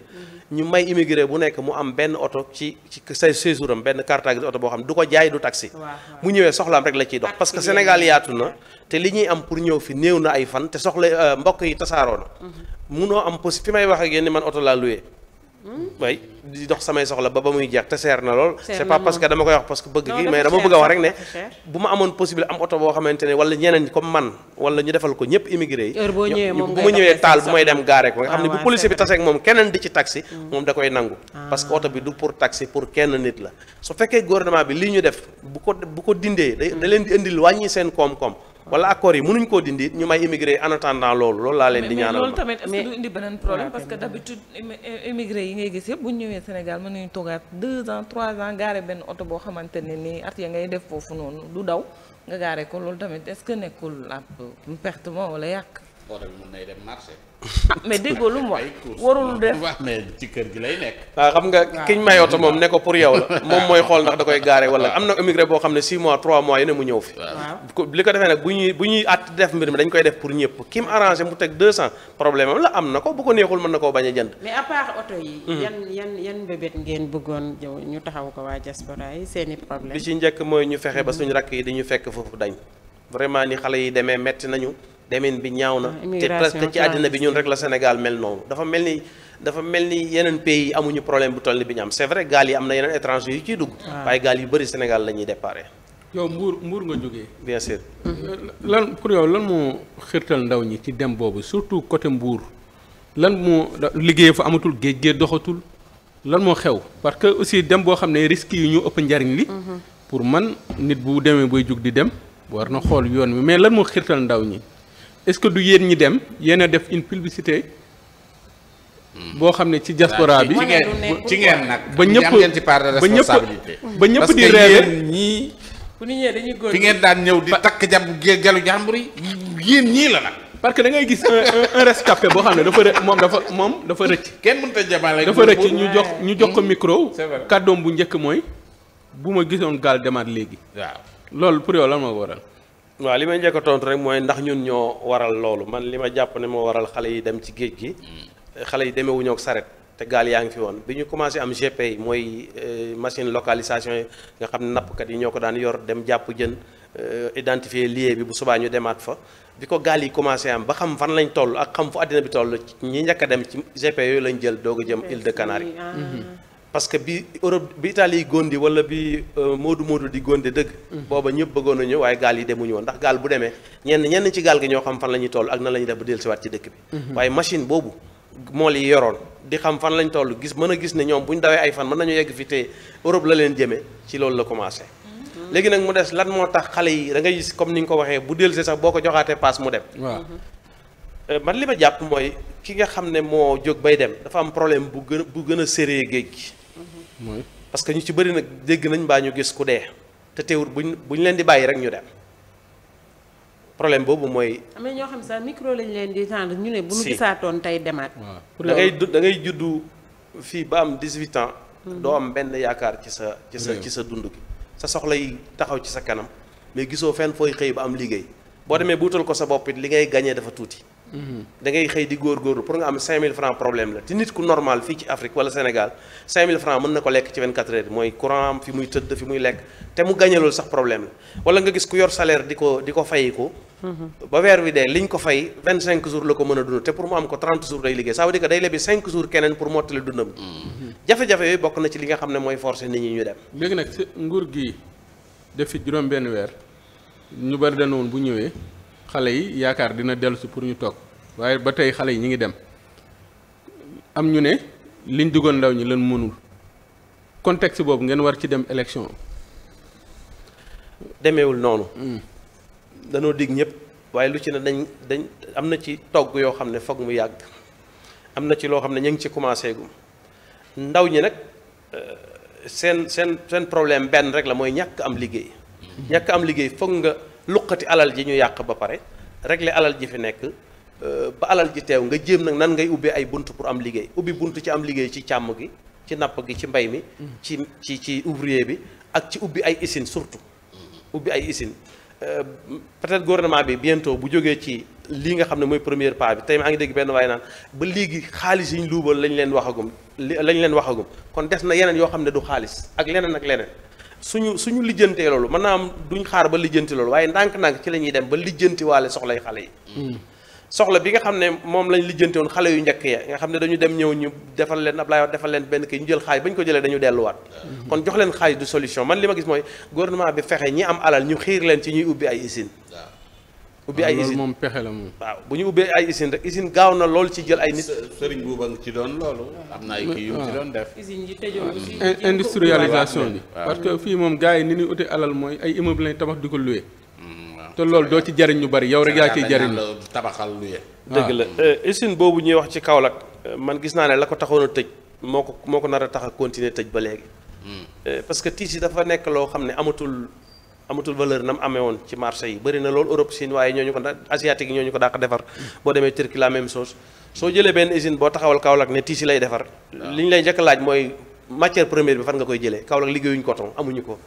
ñu may immigré bu nekk mu am benn oto ci ci sa séjour benn carte grise oto boo xam du ko jaay du taxi mu ñëwee soxlaam rek la ciy dox parce que Sénégal yaatu na te li ñuy am pour ñëw fi néew na ay fan te soxla euh, mbokk yi tasaaroo na mm-hmm. munoo am possi fi may wax ak yéen ni man oto laa loué way di dox samay soxla ba ba muy jeex te seer na lool c'est pas parce que dama koy wax parce que bëgg gi mais dama bëgg a wax rek ne bu ma amoon possible am oto boo xamante ne wala ñeneen comme man wala ñu defal ko ñëpp immigré yi bu ma ñëwee taal bu may dem gaare ko nga xam ne ah, bu policier bi taseeg moom keneen di ci taxi mm. moom da koy nangu ah. parce oto bi du pour taxi pour kenn nit la su fekkee gouvernement bi lii ñu def bu ko bu ko dindee da leen di indil seen koom wala accords yi mënuñ koo dindi ñu may immigré en attendant loolu loolu laa leen di ñaanal loolu tamit est-ce que du indi beneen problème parce que d'habitude immigré yi ngay gis yëpp bu ñu ñëwee Sénégal mën nañu toogaat deux ans trois ans gaare benn oto boo xamante ne nii at ya ngay def foofu noonu du daw nga gaare ko loolu tamit est-ce que nekkul ab pertement wala yàq oto bi mën nay marché mais déggoo lu mu wax warul def wax ci kër gi lay nekk. waaw ah, xam nga kiñ may oto moom ne ko pour yow la moom mooy xool ndax da koy gaare wala am na immigré boo xam ne 6 mois 3 mois yi ne mu ñëw fi. li ko defee nag bu ñuy bu ñuy at def mbir mi dañ koy def pour ñëpp ki mu mu teg 200 problème am la am na ko bu ko neexul mën na koo bañ a jënd. mais à part oto yi. Mhm. yan yan yan ngeen bëggoon jëw ñu taxaw ko waa diaspora yi seen i problème. li ci njëkk mooy ñu fexe ba suñ rakk yi di fekk foofu dañ vraiment ni xale yi demee metti nañu demin bi ñaaw na te presque ci àddina bi ñun rek la Sénégal mel noonu dafa mel ni dafa mel ni yeneen pays amuñu problème bu toll ni bi ñu am c'est vrai gaal yi am na yeneen étranger yu ciy dugg ah. waaye gaal yu bëri Sénégal la ñuy déparé yow mbuur mbuur nga jógee bien euh, lan pour yow lan moo xirtal ndaw ñi ci dem boobu surtout côté mbuur lan moo liggéey fa amatul géej gee doxatul lan moo xew parce que aussi dem boo xam ne risques yi ñu ëpp njariñ li mhm. pour man nit bu demee bay jug di dem war xool yoon wi mais lan moo xirtal ndaw ñi est-ce que du yéen ñi dem yéen def une publicité. boo xam ne ci diaspora bi. ci ngeen nag. ba ñëpp ci part de responsabilité. ba ñëpp di reere ñii. bu ñu ngeen daan ñëw di takk jàpp gelu jàmbur yi yéen ñii la nag. parce que da ngay gis un un rescapé boo xam ne dafa rë moom dafa moom dafa rëcc. kenn mënut a jamaale dafa rëcc ñu jox ñu jox ko hmm. micro. kàddoom bu njëkk mooy bu ma gisoon gaal demaat léegi. waaw loolu pour yow lan moo waral. waaw li may njëkk a tontu rek mooy ndax ñun ñoo waral loolu man li ma jàpp ne moo waral xale yi dem ci géej gi. Hmm. xale yi demewuñu ak saret te gaal yaa ngi fi woon bi ñu commencé am GP yi mooy euh, machine localisation yi nga xam ne nappkat yi ñoo ko daan yor dem jàpp jën euh, identifier lieu bi bu subaa ñu demaat fa. bi ko gaal yi commencé am ba xam fan lañ toll ak xam fu àddina bi toll ñi njëkk a dem ci GP yooyu lañ jël doog a jëm Île de Canaries. Ah. Hmm. parce que bi Europe bi Italie yi góndi wala bi euh, Moodu Moodu di gónde dëgg. Mm-hmm. booba ñëpp bëggoon na waaye gaal yi demuñu woon ndax gaal bu demee ñenn ñenn ci gaal gi ñoo xam fan la ñuy toll ak nan la ñuy def ba dellusiwaat ci dëkk bi. Mm-hmm. waaye machine boobu mool yi yoroon di xam fan lañu toll gis mën a gis ne ñoom bu ñu dawee ay fan mën nañu yegg fi te Europe la leen jëmee ci loolu la commencé. Mm-hmm. léegi nag mu des lan moo tax xale yi da ngay gis comme ni ñu ko waxee bu dellusee sax boo ko joxaatee paas mu dem. Euh, man li ma jàpp mooy ki nga xam ne moo jóg bay dem dafa am problème bu gën bu gën a séré géej gi parce que ñu ci bëri nag dégg nañ baa ñu gis ku dee te teewul bu ñu leen di bàyyi rek ñu dem problème boobu mooy. am ñoo xam sax micro lañ leen di tànn ñu ne. bu ñu gisaatoon tey demaat. da du da ngay juddu fii ba am 18 ans. Hmm. doo am benn yaakaar ci sa ci sa ci sa dund gi. sa soxla yi taxaw ci sa kanam mais gisoo fenn fooy xëy ba am liggéey boo demee buutal ko sa bopp it li ngay gañee dafa tuuti. da ngay xëy di góorgóorlu pour nga am 5000 francs problème la te nit ku normal fii ci Afrique wala Sénégal 5000 francs mën na ko lekk ci 24 heures mooy courant am fi muy tëdd fi muy lekk te mu gagné sax problème la wala nga gis ku yor salaire di ko di ko ko ba weer wi dee liñ ko fay 25 jours la ko mën a dund te pour mu am ko 30 jours day liggéey ça veut dire que day jafe-jafe yooyu bokk na ci li nga xam ne mooy forcer nit ñi ñu dem. léegi nag nguur gi def fi juróom-benn weer ñu bari dana woon bu ñëwee. xale yi yaakaar dina dellu si pour ñu toog waaye ba tey xale yi ñu ngi dem am ñu ne liñ digoon ndaw ñi leen mënul contexte boobu ngeen war ci dem élection. demeewul noonu. Hmm. danoo dig ñëpp waaye lu ci ne dañ dañ am na ci togg yoo xam ne foog mu yàgg am na ci loo xam ne ñu ngi ci commencé gu ndaw ñi nag euh, seen seen seen problème benn rek la mooy ñàkk am liggéey. Hmm. ñàkk am liggéey foog nga. luqati alal ji ñu yàq ba pare régler alal ji fi nekk euh, ba alal ji teew nga jéem nag nan ngay ubbee ay bunt pour am liggéey ubbi bunt ci am liggéey ci càmm gi ci napp gi ci mbay mi ci ci ci ouvrier bi ak ci ubbi ay usine surtout ubbi ay usine euh, peut-être gouvernement bi bientôt bu jógee ci lii nga xam ne mooy première pas bi tey maa ngi dégg benn waaye naan ba léegi xaalis yi ñu luubal lañ leen waxagum lañ leen waxagum kon des na yeneen yoo xam ne du xaalis ak leneen ak leneen suñu suñu lijjantee loolu mën naa am duñ xaar ba lijjanti loolu waaye ndànk-ndànk ci la ñuy dem ba lijjanti waale soxlay xale yi hmm. soxla bi nga xam ne moom lañ lijjanti woon xale yu njëkk ya nga xam ne dañu dem ñëw ñu defal leen Ablaye Wade defal leen benn kii ñu jël xaalis ba ñu ko jëlee dañu delluwaat hmm. kon jox leen xaalis du solution man li ma gis mooy gouvernement bi fexe ñi am alal ñu xiir leen ci ñuy ubbi ay usine ubbi ay ah, usine moom pexe la moom. waaw bu ñu ubbee ay usine rek usine gaaw na lool ci jël ay nit. sëriñ buuba nga ci doon loolu. am na ay kii yu mu ci ah. industrialisation bi. parce que fii moom gars yi ni ñuy uti alal mooy ay immeuble lañ tabax di ko loué. Mm, te loolu doo ci jariñ lu bari yow rek yaa ciy jariñ. tabaxal loué. Ah. dëgg la euh, usine boobu ñuy wax ci Kaolack euh, man gis naa ne la ko taxoon a tëj moo ko moo ko nar a tax continuer tëj ba léegi. Mm. Euh, parce que tiis yi dafa nekk loo xam ne amatul amatul valeur nam amee woon ci marché yi bëri na loolu Europe Chine waaye ñooñu ko asiatique yi ñooñu ko dàq defar boo demee Turquie la même chose soo jëlee benn usine boo taxawal Kaolack ne tissu lay defar li ñu lay njëkk laaj mooy matière première bi fan nga koy jëlee Kaolack liggéeyuñu coton amuñu ko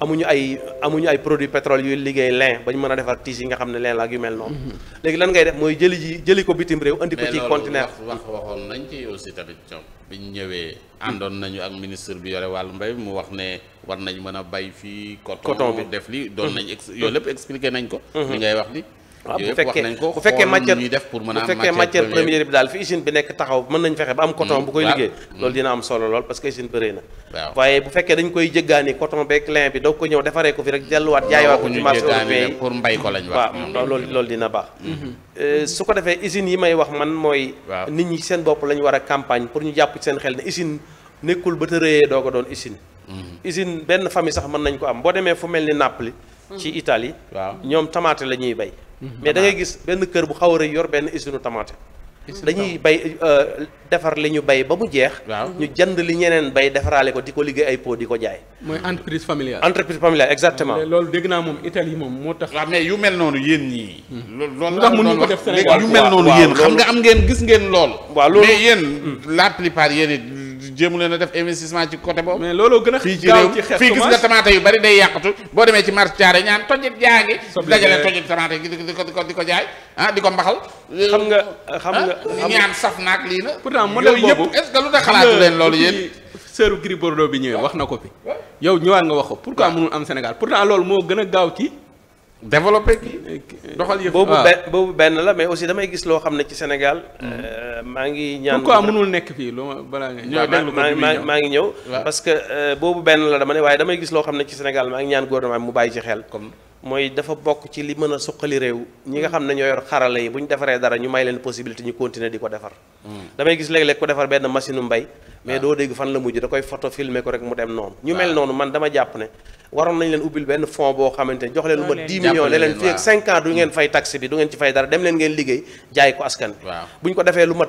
amuñu ay amuñu ay produit pétrole yuy liggéey lin bañ ñu mën a defar tiges yi nga xam ne lin la ak yu mel noonu. Mhm. léegi lan ngay def mooy jëli ji jëli ko bitim réew. andi ko ci conteneur mais wax nañ ci aussi tamit ñoom bi ñu ñëwee. àndoon nañu ak ministre bi yore wàllu mbay mu wax ne war nañ mën a bay fii. coton bi def li doon mhm. nañ ex yooyu lépp expliqué nañ ko. Mhm. li ngay wax li Ah, waaw bu fekkee bu fekkee matière bu fekkee matière première bi daal fi usine bi nekk taxaw mën nañ fexe ba am coton bu koy liggéey mm. loolu dina am solo lool parce que usine bëree na waaye bu fekkee dañ koy jéggaani coton beeg lin bi doo ko ñëw defaree ko fi rek delluwaat jaayiwaat ko ci marché européen yi pour mbay ko lañ wax waaw dina baax mm-hmm. Mm-hmm. Euh, su ko defee usines yi may wax man mooy nit ñi seen bopp la ñu war a campagne pour ñu jàpp seen xel ne usine nekkul ba tërëyee doo ko doon usine mm-hmm. usine benn famille sax mën nañ ko am boo demee fu mel ni Napoli mm. ci Italie ñoom tamaate la ñuy bay Mhm. mais da ngay gis benn kër bu xaw a yor benn usine tomate dañuy bay euh, defar li ñu bay ba mu jeex ñu jënd li ñeneen bay defaraale ko di ko liggéey ay po di ko jaay mooy entreprise familiale entreprise familiale exactement loolu dégg naa moom Italie moom moo tax waaw mais yu mel noonu yéen ñii hmm. loolu ndax mënuñu ko def Sénégal yu mel noonu xam nga am ngeen gis ngeen lool waaw loolu mais yéen hmm. la plupart yéen jéemu leen a def investissement ci côté boobu. mais looloo gën a gaaw fii gis nga tamaate yu bari day yàqatu boo demee ci marché caare ñaan tojjit jaa ngi. dajale tojjit tamaate yi di ko di ko jaay ah, di ko mbaxal. xam nga xam nga ah, ñaan saf naag lii na. pourtant modèle boobu est-ce que lu xalaatu leen loolu yéen. seeru Gris Bordeaux bi ñëwee wax na ko fi. yow ñëwaat nga wax ko pourquoi mënul am Sénégal pourtant loolu moo gën a gaaw ci développé kii doxal yëf boobu ah. benn boobu benn la mais aussi damay gis loo xam ne ci Sénégal. Mm-hmm. Euh, maa ngi ñaan pourquoi mënul nekk fii lu ma balaa nga ñëw déglu maa ngi ñëw. parce que euh, boobu benn la dama ne waaye damay gis loo xam ne ci Sénégal maa ngi ñaan gouvernement mu bàyyi ci xel comme. mooy dafa bokk ci li mën a suqali réew ñi nga xam ne ñoo yor xarala yi bu ñu defaree dara ñu may leen possibilité ñu continuer di ko defar hmm. damay gis léeg-léeg ko defar benn machine mbay mais ah. doo dégg fan la mujj da koy photo filmer ko rek mu dem noonu ñu ah. mel noonu man dama jàpp ne waroon nañ leen ubbil benn fonds boo xamante ne jox leen lu ma 10 millions ne leen fii ak 5 du ngeen fay tax bi du ngeen ci fay dara dem leen ngeen liggéey jaay ko askan bi bu ñu ko defee mat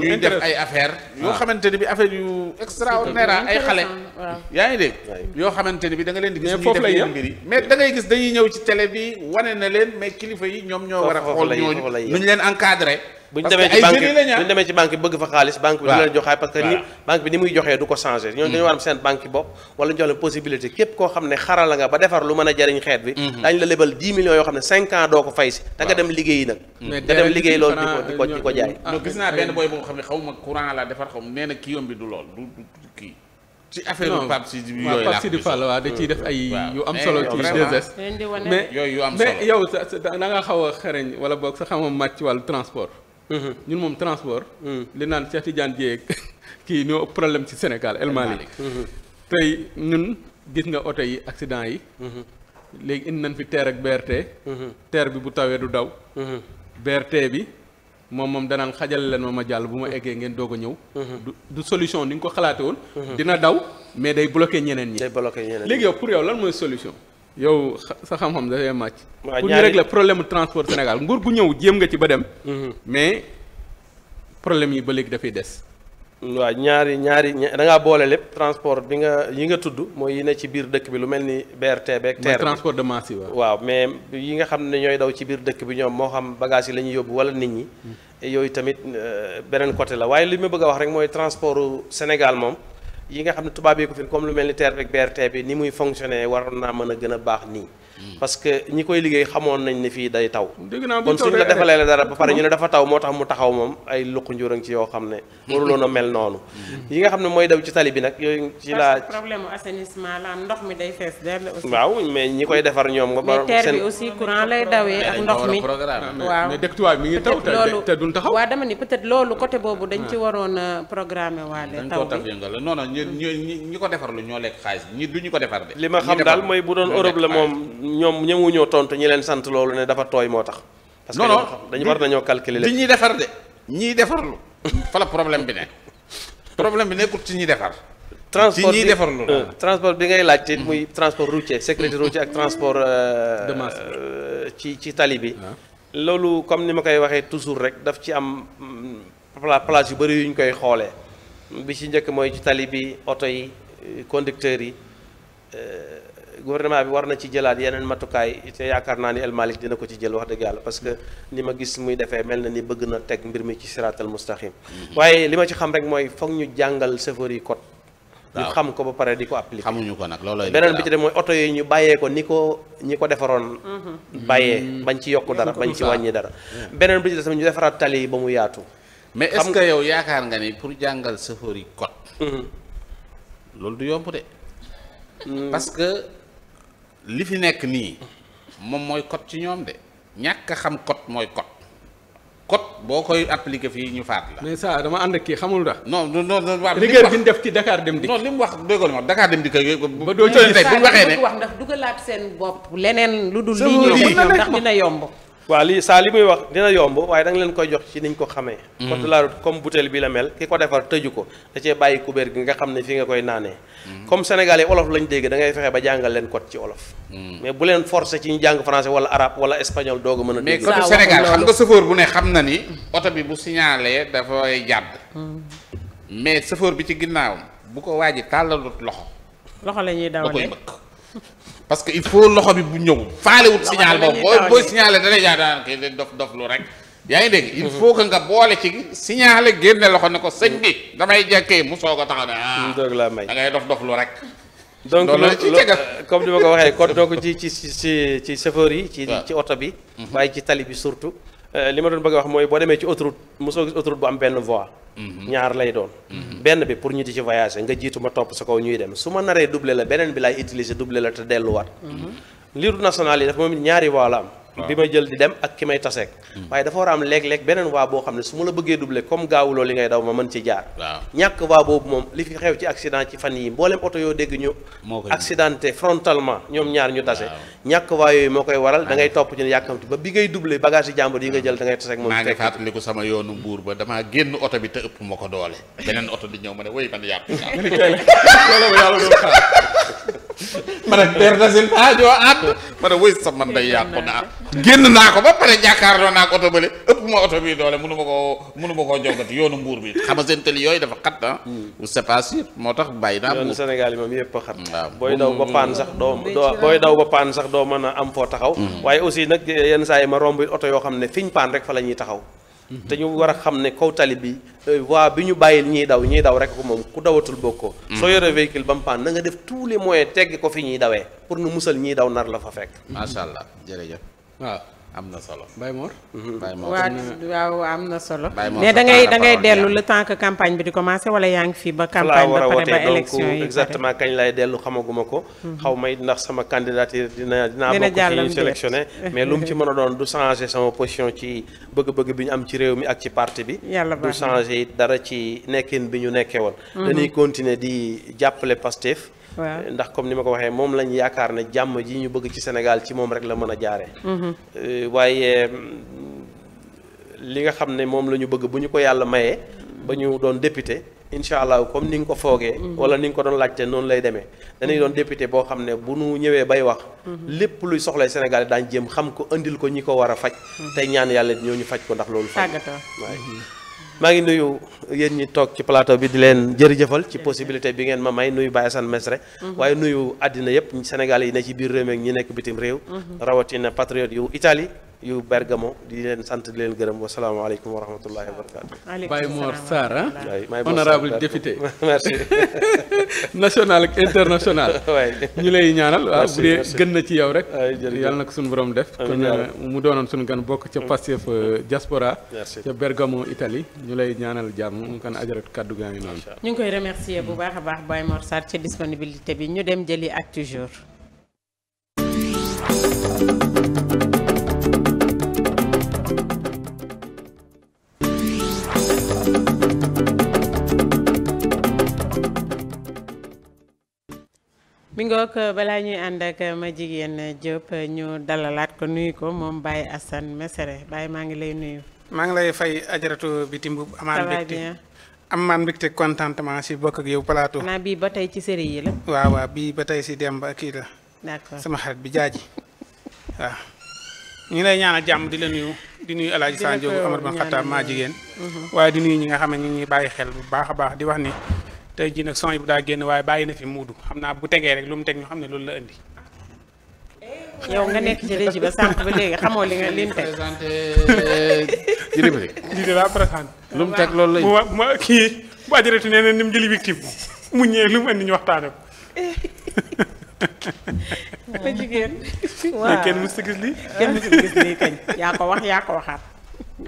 ñu ñuy def ay affaire yoo xamante ni bi affaire yu extraordinaire ay xale yaa ngi dégg yoo xamante ni bi danga leen di gis ñuy def mbir yi mais da ngay gis dañuy ñëw ci tele bi wane na leen mais kilifa yi ñoom ñoo war a xool ñooñu nu ñu leen encadré bu ñu demee ci banque bu ñu ah. demee ci banque bi bëgg fa xaalis banque bi du leen joxaay parce que ni banque bi ni muy joxee du ko changé mm. ñoom dañu war am seen banque bopp wala ñu jox possibilité képp koo xam ne xarala nga ba defar lu mën a jariñ xeet bi mm-hmm. daañu la lebal 10 millions yoo xam ne 5 ans doo ko fay si da mm. nga dem liggéey nag nga dem liggéey loolu di ko jaay naa benn booy bu nga xam ne xaw ma courant la defar xaw nee na kii yombi du lool du kii ci affaire bi Pape Sidi bi yooyu Pape Sidi Fall mm. eh, mais yooyu yu am solo mais yow da nga xaw a xereñ wala boog sa xamam màcc ci transport Mm-hmm. ñun moom transport. Mm-hmm. li naan Cheikh Tidiane Dieng kii ñoo problème ci Sénégal El Malick mm-hmm. tey ñun gis nga oto yi accident yi. léegi indi nañ fi teer ak BRT. teer bi bu tawee du daw. BRT bi moom moom danaan xajal leen ma ma jàll bu ma eggee ngeen doog a ñëw. du du solution ni nga ko xalaate woon. dina daw mais day bloqué ñeneen ñi. day bloqué ñeneen ñi léegi yow pour yow lan mooy solution. yow sa xam-xam dafay màcc. pour ñu régler problème transport Sénégal nguur gu ñëw jéem nga ci ba mhm. mais problème yi ba léegi dafay des. waaw ñaari ñaari da ngaa boole lépp transport bi nga yi nga tudd mooy yi ne ci biir dëkk bi lu mel ni BRT beeg. TER transport de masse waaw mais yi nga xam ne ñooy daw ci biir dëkk bi ñoom moo xam bagage yi la ñuy yóbbu wala nit ñi. Mhm. yooyu tamit euh, beneen côté la waaye li ma bëgg a wax rek mooy transport Sénégal moom. yi nga xam ne tubaabee ko fi comme lu mel ni TER bi ak BRT bi ni muy fonctionner waroon naa mën a a baax nii parce que ñi koy liggéey xamoon nañ ne fii day taw kon suñ la defalee la dara ba pare ñu ne dafa taw moo tax mu taxaw moom ay luqu njuran ci yoo xam ne waaw mais ñi koy defar ñoom nga ba bi aussi courant lay dawee ak ndox mi waaw mais ñi ko defar lu ñoo lekk xaalis ñi duñu ko defar de li ma xam daal mooy bu doon Europe la moom ñoom ñemu ñoo tontu ñi leen sant loolu ne dafa tooy moo tax. parce que dañu war nañoo calculer leen. ñuy defar de ñiy defarlu. fa problème bi ne problème bi nekkul ci ñiy defar. transport ci ñiy defar lu euh, transport bi ngay laaj te muy transport routier sécurité routier ak transport. Euh, euh, ci ci tali bi. Ah. loolu comme ni ma koy waxee toujours rek daf ci am mm, place yu bëri yu ñu koy xoolee bi ci njëkk mooy ci tali bi oto yi conducteurs yi. gouvernement bi war na ci jëlaat yeneen matukaay te yaakaar naa ni El dina ko ci jël wax dëgg yàlla ni ma gis muy defee mel na ni bëgg na teg mbir mi ci siraatal mustaqim mm-hmm. waaye li ma ci xam rek mooy foog ñu jàngal chauffeur yi code ñu xam ko ba pare di ko appliquer xamuñu ko nag looloo beneen bi ci dem mooy oto yooyu ñu bàyyee ko ni ko ñi ko defaroon mm-hmm. bàyyee mm-hmm. bañ ci yokk dara bañ ci wàññi dara beneen bi ci ñu defaraat tali yi ba mu yaatu mais est-ce yow yaakaar nga ni pour jàngal chauffeur yi code loolu du yomb de parce li fi nekk nii moom mooy code ci ñoom de ñàkk a xam code mooy code code boo koy appliqué fii ñu faat la. mais ça dama ànd kii xamul ndax. non non non waaw rigueur bi ñu def ci Dakar dem dikk. non li mu wax déggoo ma Dakar dem di yooyu. ba doo ci tey bu ñu waxee ne wax ndax dugalaat seen bopp leneen lu dul. lii ñëw ndax dina yomb. waaw lii saa li muy wax dina yomb waaye da nga leen koy jox ci niñ ko xamee. code mm-hmm. de la comme butéel bi la mel ki ko defar tëju ko da cee bàyyi kubéer gi nga xam ne fii nga koy naanee. Mm-hmm. comme sénégalais olof lañ dégg dangay fexe ba jàngal leen code ci olof. Mm-hmm. mais bu leen forcer ci ñu jàng français wala arabe wala espagnol doog a mën a. mais code Sénégal xam nga chauffeur bu ne xam na ni oto bi bu signalé dafay jàdd. mais chauffeur bi ci ginnaawam bu ko waaj a tàllalut loxo. loxo la ñuy dawalee da koy mbëkk parce que il faut loxo bi bu ñëw faalewut signal boobu booy booy signalé dalay yaa daan kay dof dof lu rek yaa ngi dégg il mhm. faut que nga boole ci signalé génne loxo ne ko sëñ bi damay jekkee mu soog a taxaw ne ah da ngay dof dof lu rek donc euh, comme ni ko waxee kon donc ci ci ci ci yi ci ci oto bi waaye mhm. ci tali bi surtout Euh, li ma doon bëgg wax mooy boo demee ci autoroute mosoo gis autoroute bu am benn voie. Mhm. ñaar lay doon. Mhm. benn bi pour ñu di ci voyager nga jiitu ma topp sa kaw ñuy dem su ma naree doubler la beneen bi laay utiliser duble la te delluwaat. Mhm. liiru national yi dafa moom ñaari voie la am. bi may jël di dem ak ki may taseek hmm. waaye dafa war a am léeg-léeg beneen waa boo xam ne su ma la bëggee doubler comme gaawuloo li ngay daw ma mën ci jaar ñàkk waa boobu moom li fi xew ci accident ci fan yi mboolem oto yoo dégg ñu accidenté frontalement ñoom ñaar ñu tase ñàkk waa yooyu moo koy waral da ngay topp ci ne yàkkamti ba bi ngay doubler bagage yi jàmbur yi nga jël da ngay taseek moom maa ngi fàttaliku sama yoonu mbuur ba damaa génn oto bi te ëpp ma ko doole beneen oto di ñëw ma ne woy man yàpp ma ne père Nassim Sadio ah, ànd ah, ma ne wëy sa man day yàqu naa génn naa ko ba pare jàkkaarloo naa ko oto bële ëpp ma oto bii doole mënu ma koo mënu ma koo jogati yoonu mbuur bi xam nga seen tëli yooyu dafa xat ah. Hmm. c'est pas moo tax bàyyi naa. yoonu Sénégal yi moom yëpp a xat. Hmm, waaw booy daw ba paan sax doo hmm. doo booy ba paan sax doo mën a am foo taxaw. waaye aussi nag yenn saa yi ma romb oto yoo xam ne fiñ paan rek fa la ñuy taxaw. Mhm. te ñu war a xam ne kaw tali bi waa euh, bi ñu bàyyil ñiy daw ñiy daw rek moom ku dawatul bokkoo mhm. soo yoree véhicule ba mu paan na nga def tous les moyens tegg ko fi ñuy dawee pour nu musal ñiy daw nar la fa fekk macha allah jërëjëf waaw am na solo Baye Mor. Mhm. Baye Mor waaw am na solo. mais da ngay da ngay dellu le temps que campagne bi di commencé wala yaa ngi fi ba. campagne ba pare ba élection yi donc exactement kañ lay dellu xamaguma ko. Mhm. xaw may ndax sama candidature dina dinaa bokk ci sélectionné mais lu mu ci mën a doon du changé sama position ci bëgg-bëgg bi ñu am ci réew mi ak ci parti bi. yàlla du changé dara ci nekkin bi ñu nekkee woon. Mhm. dañuy continuer di jàppale Pastef. ndax comme ni ma ko waxee moom lañ yaakaar ne jàmm ji ñu bëgg ci Sénégal ci moom rek la mën a jaare mhm. euh, waaye li nga xam ne moom la ñu bëgg bu ñu ko yàlla mayee ba ñu doon député incha allah comme ni nga ko foogee mhm. wala ni nga ko doon laajte noonu lay demee dañuy mhm. doon député boo xam ne bu nu ñëwee bay wax lépp luy soxlay Sénégal daañ jéem xam ko indil ko ñi ko war a faj tey ñaan yàlla ñoo ñu faj ko ndax loolu faj maa ngi nuyu yéen ñi toog ci plateau bi di leen jërëjëfal ci possibilité bi ngeen ma may nuyu Baye Assane Mesre mhm. waaye nuyu àddina yëpp Sénégal yi ne ci biir réew mi ñi nekk bitim réew mhm. rawatina patriote yu itali yu Bergamo di leen sant di leen gërëm wasalaamaaleykum wa rahmatullahi wa barakaatu. Baye Mor Sarr ah. honorable député merci. national ak international. ñu lay ñaanal. waaw ah, bu dee gën na ci yow rek. yàlla na ko suñu borom def. kon ah, mu doonoon suñu gan bokk ca Pastef mm-hmm. euh, diaspora. ca Bergamo Italie ñu lay ñaanal jàmm mu kan ajarat kàddu gaa ngi noonu. ñu ngi koy remercier bu baax a baax Baye Mor Sarr ca disponibilité bi ñu dem jëli ak toujours. mi ngoog balaa ñuy ànd ak ma jigéen Diop ñu dalalaat ko nuyu ko moom Baye Assane Mesere Baye maa ngi lay nuyu. maa ngi lay fay ajaratu bitim bu amaan mbégte am maan mbégte contentement si bokk ak yow plateau. naa bii ba tey ci série yi la. waaw waaw bii ba tey si Demba ak kii la. d'accord sama xarit bi jaaji waaw. ñu ngi lay ñaanal jàmm di la nuyu di nuyu El Hadj San Diop Amar Ban Xattaab maa jigéen. Mhm. waaye di nuyu ñi nga xam ne ñu ngi bàyyi xel bu baax a baax di wax ni. tey jii nag son bu daa génn waaye bàyyi na fi mu muudu xam naa bu tegee rek lu mu teg ñu xam ne loolu la indi. yow nga nekk ci régie ba sànq ba léegi xamoo li nga lim lu mu teg loolu la bu ma kii bu ajaratu nee ni mu jëli victime mu ñëwee lu mu indi ñu waxtaanee ko. la jigéen. waaw kenn mës lii kañ yaa ko wax yaa ko waxaat.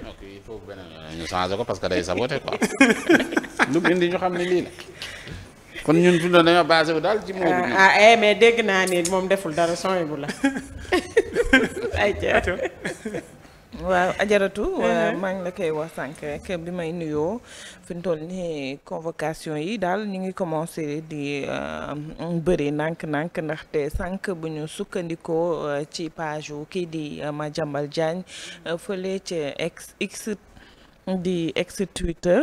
ok foofu beneen ñu changé ko parce que day saboté quoi lu indi ñu xam ne lii la kon ñun fi mu dañoo basé daal ci moom. Ah, ah eh mais dégg naa ni moom deful dara son bu la. ay waaw ajaratu uh-huh. maa ngi la koy wax sànq rek bi may nuyoo fi ñu toll nii convocation yi daal ñu ngi commencé di uh, bëri ndànk-ndànk ndaxte sànq bu ñu sukkandikoo uh, ci page wu kii di ma uh, Madiambal Diagne fële ca ex x di ex Twitter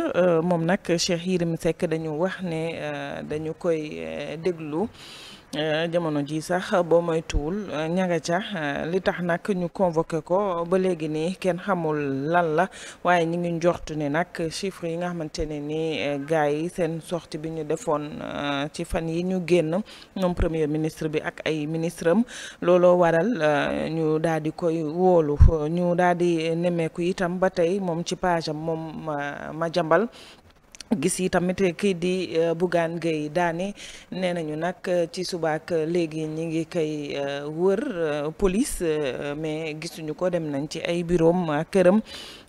moom nag Cheikh Yérim Seck dañu wax ne dañu koy déglu Euh, jamono ji sax boo moytuwul euh, ña nga ca euh, li tax nag ñu convoqué ko ba léegi nii kenn xamul lan la waaye ñu ngi njort ne nag chiffre yi nga xamante ne nii gars yi seen sortie bi ñu defoon ci fan yi ñu génn ñoom premier ministre bi ak ay ministre am looloo waral ñu daal di koy wóolu ñu daal di nemmeeku itam ba tey moom ci page am moom ma jambal gis yi tamit kii di euh, Bougane Gueye daane nee nañu nag euh, ci subaak léegi ñi ngi koy euh, wër police mais gisuñu ko dem nañ ci ay bureau këram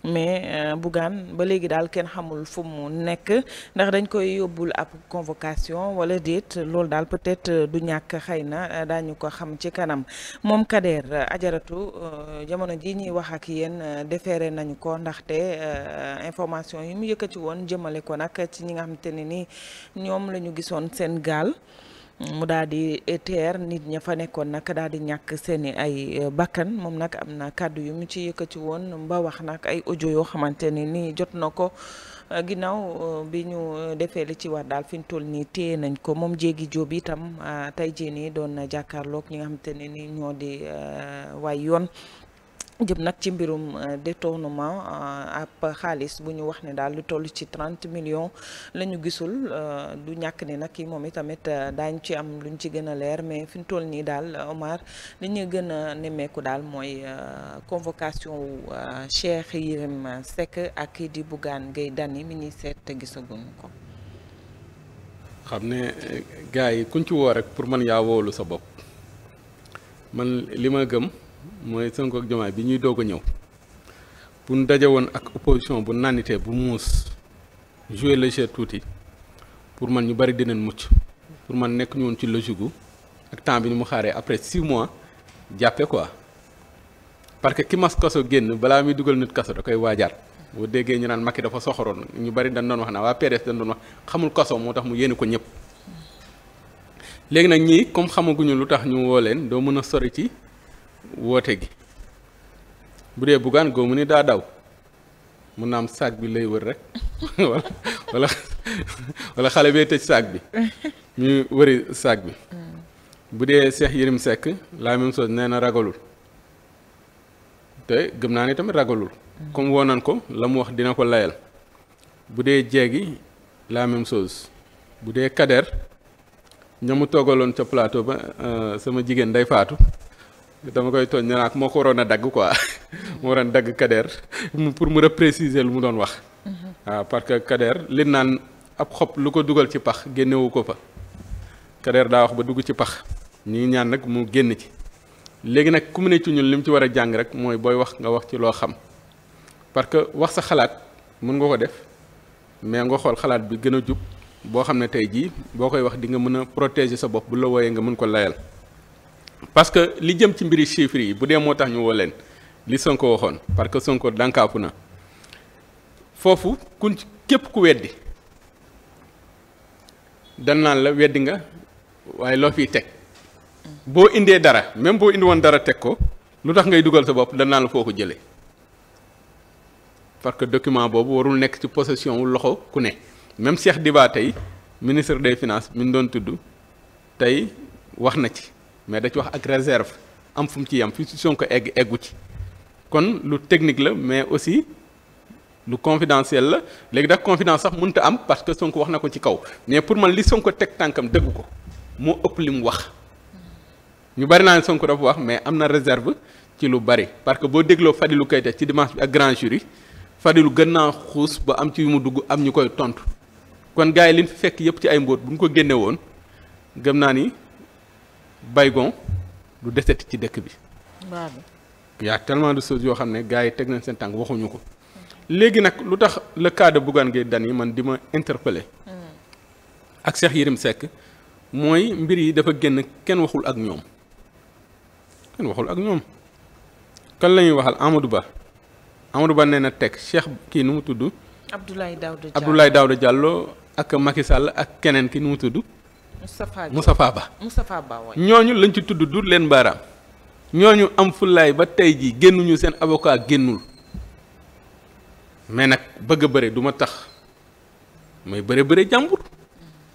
mais euh, Bougane ba léegi daal kenn xamul fu mu nekk ndax dañ koy yóbbul ab convocation wala déet loolu daal peut-être euh, du ñàkk xëy na euh, daañu ko xam ci kanam moom Kader ajaratu jamono ji ñuy wax ak yéen defeere nañu ko ndaxte information yi mu yëkkati woon jëmale ko nag ci ñi nga xamante ne ni ñoom lañu gisoon seen gaal. mu daal di teer nit ña fa nekkoon nag daal di ñàkk seeni ay euh, bakkan moom nag am na kàddu yu mu ci yëkkati woon mba wax nag ay audio yoo xamante ni nii jot na ko euh, ginnaaw euh, bi ñu defee li ci wax daal fi ñu toll nii téye nañ ko moom jéegi jóob itam tey jii nii doon jàkkaarlook ñi nga xamante ne nii ñoo di waay yoon. jëm nag ci mbirum euh, détournement euh, ab xaalis bu ñu wax ne daal lu toll ci trente million la ñu gisul euh, du ñàkk ni nag yi moom itamit daañu ci am luñ ci gën a leer mais fi ñu toll nii daal Omar li ñu gën a nemmeeku daal mooy convocation wu Cheikh Yérim Seck ak kii di Bougane ngay Dany mi ñuy seet te gisaguñu ko. xam ne gars kuñ ci woo rek pour man yaa woolu sa bopp man li ma gëm. mooy Sonko ak bi ñuy doog a ñëw bu ñu daje woon ak opposition bu nànnitee bu muus jouer le tuuti pour man ñu bari dinañ mucc pour man nekk ñu woon ci logique gu ak temps bi nu mu xaaree après six mois jàppe quoi parce que ki mas kaso génn balaa muy dugal nit kaso da koy waajaat boo déggee ñu naan Macky dafa soxoroon ñu bari dañ doon wax na waa PDS dañ doon wax xamul kaso moo tax mu yéene ko ñëpp léegi nag ñii comme xamaguñu lu tax ñu leen doo mën a sori ci woote gi bu dee buggaan mu ni daa daw mu na am saag bi lay wër rek wala wala xale bee tëj saag bi ñu wëri saag bi bu dee seex Yérim Seck la même chose nee na ragalul te gëm naa ni tamit ragalul comme woo ko la mu wax dina ko layal bu dee jeegi la même chose bu dee kader ñoo mu toogaloon ca plateau ba euh, sama jigéen day faatu dama koy tooñ ne ak moo ko waroon a dagg quoi mm-hmm. moo waroon dagg Kader pour mu repréciser lu mu doon wax. waaw mm-hmm. ah, parce que Kader li naan ab xob lu ko dugal ci pax génnewu ko fa Kader daa wax ba dugg ci pax ñu ngi ñaan nag mu génn ci léegi nag ku mu ne ci ñun li mu ci war a jàng rek mooy booy wax nga wax ci loo xam parce que wax sa xalaat mën nga ko def mais nga xool xalaat bi gën a jub boo xam ne tey jii boo koy wax di nga mën a protéger sa bopp bu la wooyee nga mën ko layal. parce que li jëm ci mbiri chiffres yi bu dee moo tax ñu woo leen li Sonko waxoon parce que Sonko dànkaafu na foofu kuñ képp ku weddi dan naan la weddi nga waaye loo fi teg boo indee dara même boo indi woon dara teg ko lu tax ngay dugal sa bopp dan naan la foo ko jëlee parce que document boobu warul nekk ci possession wu loxo ku ne même Cheikh Diba tey ministre des finances mi doon tudd tey wax na ci mais da wax ak réserve am fu mu ci yem fi sonk egg eggu ci kon lu technique la mais aussi lu confidentiel la léegi nag confidence sax mënut a am parce que Sonko wax na ko ci kaw mais pour man li Sonko teg tànkam dëgg ko moo ëpp li mu wax ñu bari naa ne Sonko dafa wax mais am na réserve ci lu bari parce que boo dégloo Fadilou Keïta ci dimanche bi ak grand jury Fadilou gën naa xuus ba am ci yu mu dugg am ñu koy tontu kon gars yi liñ fi fekk yëpp ci ay mbóot bu ko génne woon gëm naa ni baygon du deset ci dëkk bi. waaw. y a de choses yoo xam ne gars yi teg nañ seen tànk waxuñu ko. léegi nag lu tax le cas de Bougane dan yi man di ma interpellé. Hmm. ak seex Yérim Seck mooy mbir yi dafa génn kenn waxul ak ñoom kenn waxul ak ñoom kan la ñuy waxal Amadou Ba Amadou Ba nee na teg Cheikh kii nu mu tudd. Abdoulaye Daouda Diallo Abdoulaye Daouda Diallo ak Macky Sall ak keneen ki nu mu tudd. mu Moustapha Ba Moustapha Ba waay ñooñu lañ ci tudd du leen baaraam ñooñu am fullaay ba tey ji génnuñu seen avocat génnul mais nag bëgg a bëre du ma tax may bëre bëre jàmbur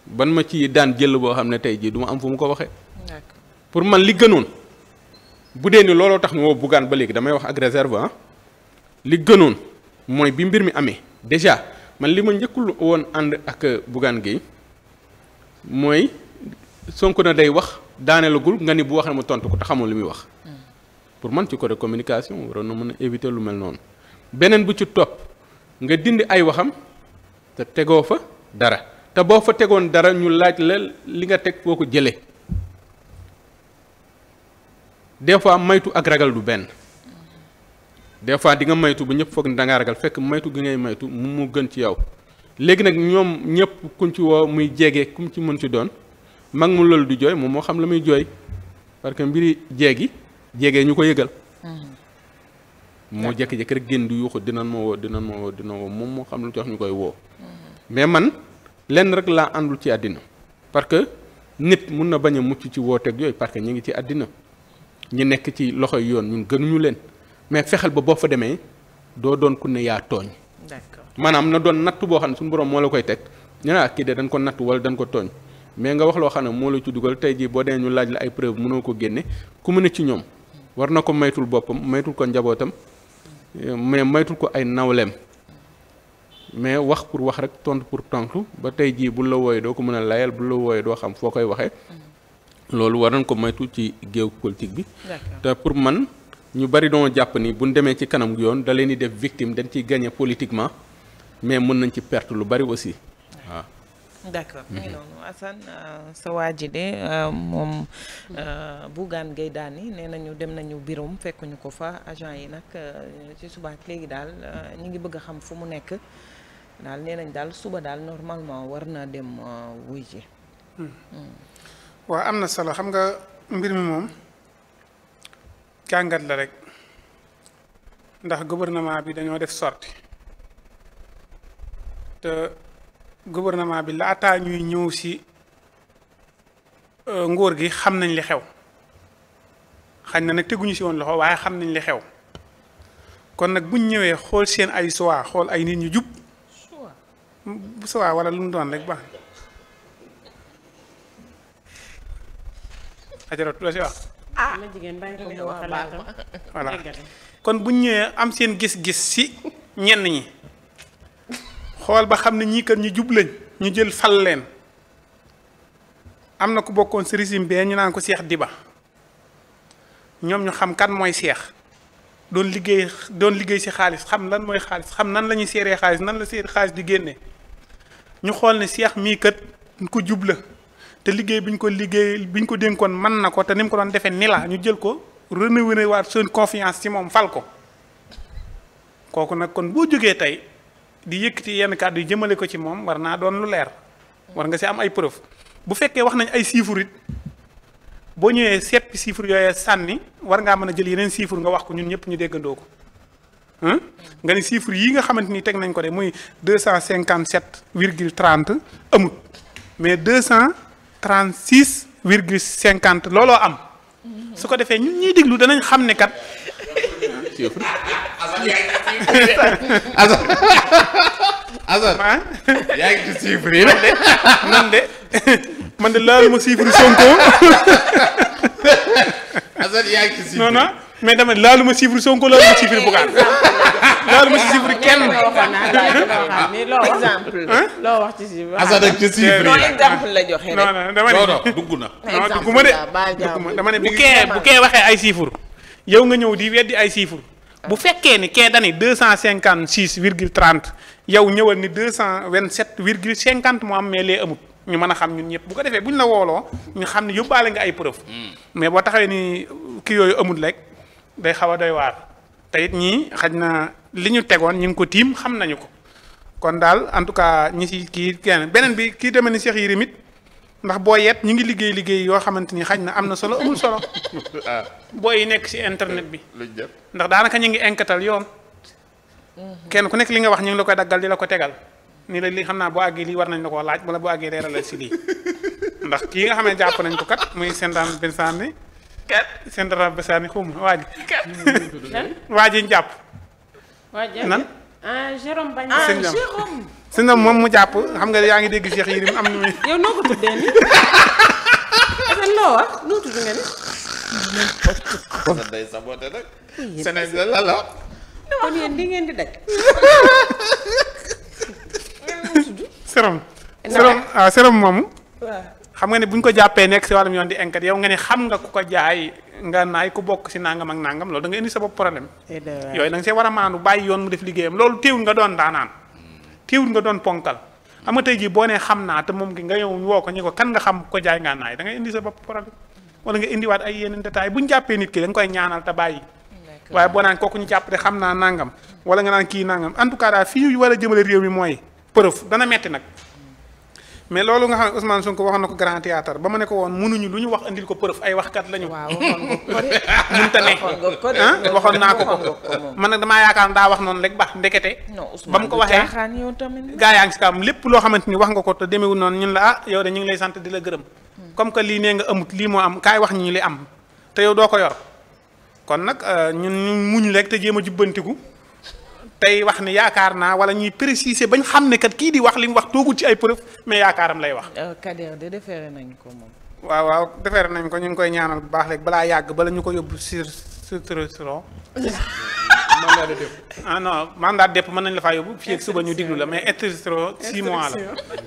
ban ma ci daan jël boo xam ne tey jii duma am fu mu ko waxee pour man li gënoon bu dee ni looloo tax mu woo ba léegi damay wax ak réserve ah li gënoon mooy bi mbir mi amee déjà man li ma njëkkul woon ànd ak Bougane Gueye mooy Sonko na day wax daaneelagul nga ni bu waxee mu tontu ko te xamul li muy wax. Mm. pour man ci côté communication waroon na mën a éviter lu mel noonu. beneen bu ci topp nga dindi ay waxam te tegoo fa dara te boo fa tegoon dara ñu laaj la li nga teg koo ko jëlee des fois maytu ak ragal du benn. des fois di nga maytu ba ñëpp foog ni da ngaa ragal fekk maytu gi ngay maytu mu mu gën ci yow. léegi nag ñoom ñëpp kuñ ci woo muy jéege kum ci mën si doon mag mu loolu di jooy moom moo xam la muy jooy parce que mbiri jéegi jéegee ñu ko yëgal mm-hmm. moo jékki-jékki rek génn di yuuxu dinañ ma woo dinañ ma woo dina woo moom moo xam lu jox ñu koy woo mm-hmm. mais man lenn rek laa àndul ci àddina parce que nit mun na bañ a mucc ci wooteeg yooyu parce que ñu ngi ci àddina ñu nekk ci loxoy yoon ñun gënuñu leen mais fexeel ba boo fa demee doo doon ku yaa tooñ d'accord maanaam na doon natt boo xam ne suñu borom moo la koy teg ñu ah, kii de dañ ko natt wala dañ ko tooñ mais nga wax loo xam ne moo la ci dugal tey jii boo dee ñu laaj la ay preuve mënoo ko génne ku mu ne ci ñoom war na ko maytul boppam maytul ko njabootam mais maytul ko ay nawleem mais wax pour wax rek tont pour tontu ba tey jii bul la wooyee doo ko mën a layal bu la wooyee doo xam foo koy waxee mm. loolu war nañ ko maytu ci géew politique bi te pour man ñu bari doon jàpp ni bu ñu demee ci kanam yoon da leen di def victime dañ ciy gagné politiquement mais mën nañ ci perte lu bari aussi waaw. d'accord mi mhm. ngi noonu Assane euh, sa waa ji de euh, moom euh, Bougane Gueye Dany nee nañu dem nañu biroom fekkuñu ko fa agent yi nag ci suba ak léegi daal ñu ngi bëgg a xam fu mu nekk daal nee nañ daal suba daal normalement war naa dem wuy ji. Hmm. waaw am na solo xam nga mbir mi moom. jàngat la rek ndax gouvernement bi dañoo def sorti te gouvernement bi laataa ñuy ñëw si euh, nguur gi xam nañ li xew xañ na nag teguñu si woon loxo waaye xam nañ li xew kon nag buñ ñëwee xool seen ay choix xool ay nit ñu jub choix wala lu mu doon rek baax ajaratu la ah voilà kon bu ñëwee am seen gis-gis si ñenn ñi xool ba xam ne ñii kat ñu jub ñu jël fal leen am na ku bokkoon si régime bee ñu naa ko seex di Diba ñoom ñu xam kan mooy Cheikh doon liggéey doon liggéey si xaalis xam lan mooy xaalis xam nan la ñuy seeree xaalis nan la seer xaalis di génne ñu xool ne Cheikh mii kat ku jub la. te liggéey bi ñu ko liggéey bi ñu ko dénkoon mën na ko te ni mu ko doon defee ni la ñu jël ko renouveler waat seen confiance ci moom fal ko kooku nag kon boo jógee tey di yëkkati yenn kàddu yi jëmale ko ci moom war naa doon lu leer war nga si am ay preuve bu fekkee wax nañ ay chiffres it boo ñëwee seppi chiffres yooyee sànni war ngaa mën a jël yeneen chiffres nga wax ko ñun ñëpp ñu déggandoo ko nga ne chiffres yi nga xamante ni teg nañ ko de muy deux cent cinquante sept virgule trente amut mais deux cent 36 virgule cinquante looloo am su ko defee ñun ñuy déglu danañ xam ne kat. Assane ah. yaa ngi ci chiffre yi de man de man de laaluma Sonko. Assane yaa ngi ci chiffre non non. mais dama laalu ma chiffre Sonko laalu ma chiffre Bougane laalu ma chiffre kenn. exemple wax ci chiffre. asad ak ci chiffre non dama ne dugg na. dugg ma de dugg ma dama ne bu kee bu kee waxee ay chiffres yow nga ñëw di weddi ay chiffres. bu ah. fekkee ni kee dani deux cent cinquante six virgule trente yow ñëwal ni deux cent vingt sept virgule cinquante mu am mais lee amut ñu mën a xam ñun ñëpp bu ko defee bu ñu la wooloo ñu xam ne yóbbaale nga ay preuve hmm. mais boo taxawee ni kii yooyu amut rek day xaw a doy waar te it ñii xaj na li ñu tegoon ñu ngi ko tiim xam nañu ko kon daal en tout cas ñi ci kii kenn beneen bi kii demee ni Cheikh Yérim it ndax boo yet ñu ngi liggéey liggéey yoo xamante ni xaj na am na solo amul solo ah. booy yi nekk si internet bi ndax daanaka ñu ngi enkatal yoon mhm. kenn ku nekk li nga wax ñu ngi la koy daggal di la ko tegal nii la li xam naa boo àggee lii war nañ la koo laaj wala boo àggee reeralal si lii ndax kii nga xam ne jàpp nañ ko kat muy sendaan benn kat seen dara basaani xum waaj. kat waaj ñu jàpp. nan ah Jérôme Bañ. ah Jérôme si na moom mu jàpp xam nga yaa ngi dégg Cheikh Yérim am na muy. yow noo ko tuddee nii. lan loo wax noo tudd nga nii. day saboté nag. Sénégal la la. kon yéen di ngeen di daj. ngeen tudd. sérom. sérom ah, sérom moomu. waaw. xam nga ne buñ ko jàppee nekk si wàllum yoon di enquête yow nga ne xam nga ku ko jaay nga naay ku bokk si nangam ak nangam loolu da nga indi sa bopp problème eh, yooyu da nga see war a maandu bàyyi yoon def liggéeyam loolu téewul nga doon daanaan téewul nga doon ponkal xam jii boo nee xam naa moom gi nga yow woo ko ñu ko kan nga xam ko jaay nga naay da indi sa bopp problème wala nga indiwaat ay yenn détails bu ñu jàppee nit ki da koy ñaanal te bàyyi waaye boo naan kooku ñu jàpp te xam naa nangam wala nga naan kii nangam en tout cas daal fii war a jëmale réew mi mooy preuve dana metti nag mais loolu nga xam ne Ousmane Sonko wax na ko grand théâtre ba ma ne ko woon mënuñu lu ñu wax andil ko preuve ay waxkat lañu. waaw mënta ne ah waxoon naa ko ko. man nag damaa yaakaar daa wax noonu rek ba ndekete. ba mu ko waxee gaa yaa ngi si kaam lépp loo xamante ni wax nga ko te demeewul noonu ñun la ah yow de ñu ngi lay sant di la gërëm. Hmm. comme que lii nee nga amut lii moo am kaay wax ñu li am te yow doo ko yor kon nag euh, ñun ñu muñ rek te jéem a jubbantiku tey wax ne yaakaar naa wala ñuy préciser bañ xam ne kat kii di wax li mu wax toogul ci ay preuve mais yaakaaram lay wax. Euh, Kader de defeere nañ ko moom. waaw waaw defeere nañ ko ñu ngi koy ñaanal bu baax rek balaa yàgg bala ñu ko yóbbu sur sur trop. mandat de dépôt ah non mandat de dépôt mën nañ la faa yóbbu fii ak suba ñu diglu la mais extradition six mois la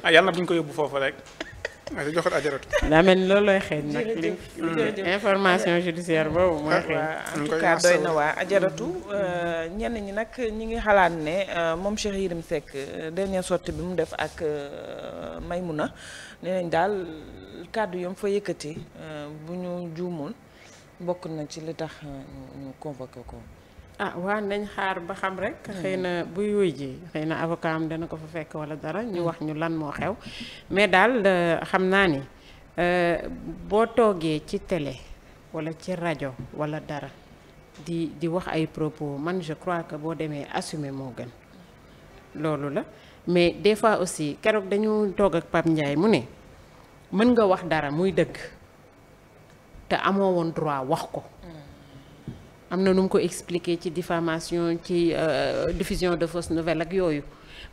ah, yàlla na bu ñu ko yóbbu foofu rek. waaw di joxoon ajaratu. ni loolooy xeeñ nag li information judiciaire boobu mooy ah, xeeñ. en cas doy na waa ajaratu. Euh, ñenn ñi nag ñi ngi xalaat ne euh, moom Cheikh Yérim Seck euh, dernière sortie bi mu def ak Maymuna nee nañ daal kàddu yam fa yëkkati bu ñu juumoon bokk na ci li tax ñu convoqué ko. ah waa nañ xaar ba xam rek hmm. xëy na buy wuy ji xëy na avocat am dana ko fa fekk wala dara ñu hmm. wax ñu lan moo xew mais daal euh, xam naa ni euh, boo toogee ci télé wala ci rajo wala dara di di wax ay propos man je crois que boo demee assumer moo gën loolu la mais des fois aussi keroog dañu toog ak Pape Ndiaye mu ne mën nga wax dara muy dëgg te amoo woon droit wax ko. Hmm. am na nu mu ko expliquer ci diffamation ci euh, diffusion de fausses nouvelles ak yooyu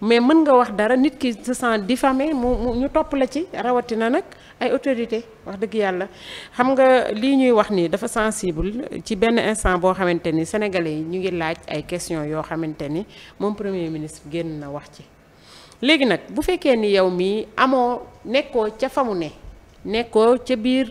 mais mën nga wax dara nit ki se sent diffamé mu mu ñu topp la ci rawatina nag ay autorité wax dëgg yàlla xam nga lii ñuy wax ni dafa sensible ci benn instant boo xamante ni sénégalais yi ñu ngi laaj ay question yoo xamante ni moom premier ministre génn na wax ci léegi nag bu fekkee ni yow mii amoo nekkoo ca famu ne nekkoo ca biir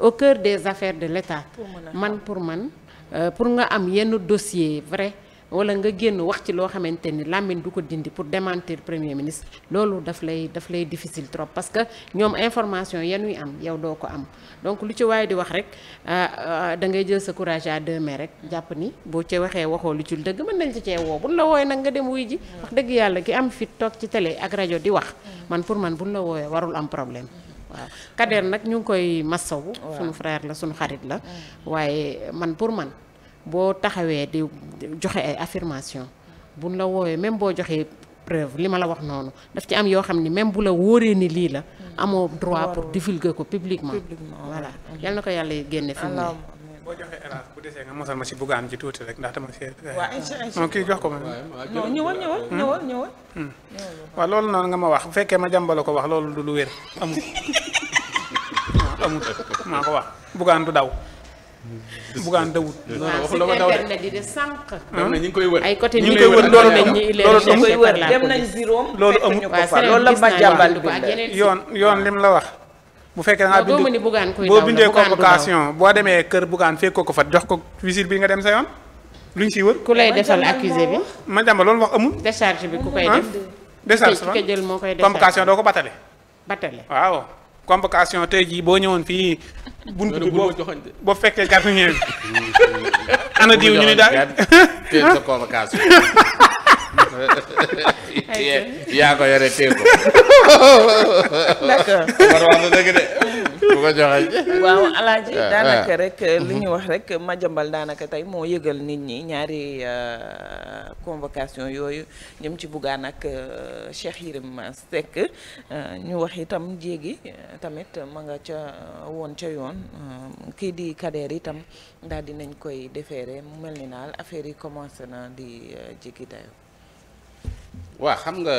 au cœur des affaires de l'État man pour man Euh, pour nga am yenn dossier vrai wala nga génn wax ci loo xamante ni làmmiñ du ko dindi pour démentir premier ministre loolu daf lay daf lay difficile trop parce que ñoom information yenuy am yow doo ko am donc lu ci waaye di wax rek euh, euh, da ngay jël sa courage à deux mains rek jàpp ni boo ci waxee waxoo lu ci dëgg mën nañ ci cee woo buñ la wooyee nag nga dem wuy ji mm. wax dëgg yàlla ki am fit toog ci tele ak rajo di wax mm. man pour man bu buñ la wooyee warul am problème waaw Kader nag ñu koy massawu. suñu frère la suñu xarit la. Mm. waaye man pour man boo taxawee di joxe ay affirmation buñ la woowee même boo joxee preuve li ma la wax noonu daf ci am yoo xam ni même bu la wóoree ni lii la. Mm. amoo droit pour divulguer ko publiquement. voilà mm. yal na ko yàlla génne fi mu boo bu desee nga mosal ma si bugg a am ci tuuti rek ndax dama see. Eh. waaw kii jox ko ma. non ñëwal ñëwal hmm? ñëwal hmm. ñëwal. waaw loolu ma wax bu fekkee ma jàmbale ko wax loolu du lu wér amul amul maa ko wax bugaan du daw. bugaan dawut. di ah, de sànq. Hmm? ñu ngi koy wër ay côté ñu ngi koy wër loolu amul loolu amul loolu la ma jàmbal yoon yoon lim la wax. bu fekkee da ngaa bind boo bindee convocation boo demee kër bugaan fekk ko ko fa jox ko visite bi nga dem sa yoon luñ siy wër. ku lay defal accusé bi. ma jàmba loolu wax amul. décharge bi ku koy def. décharge ki jël moo koy convocation doo ko batale. batale waaw. convocation tey jii boo ñëwoon fii. bunt bi boo boo fekkee gardien bi. ana diw ñu ni daal. yaa ko yore téye ko. d'accord. wax na dëgg de bu ko joxe. waaw alaaji daanaka rek li ñu wax rek ma jambal daanaka tey moo yëgal nit ñi ñaari convocation yooyu ñoom ci Bougane ak Cheikh Yérim Seck ñu wax itam jéegi tamit ma nga ca woon ca yoon kii di kadeer itam daal nañ koy defeere mu mel ni naal affaire yi commencé na di jéggi ah, dayo waa xam nga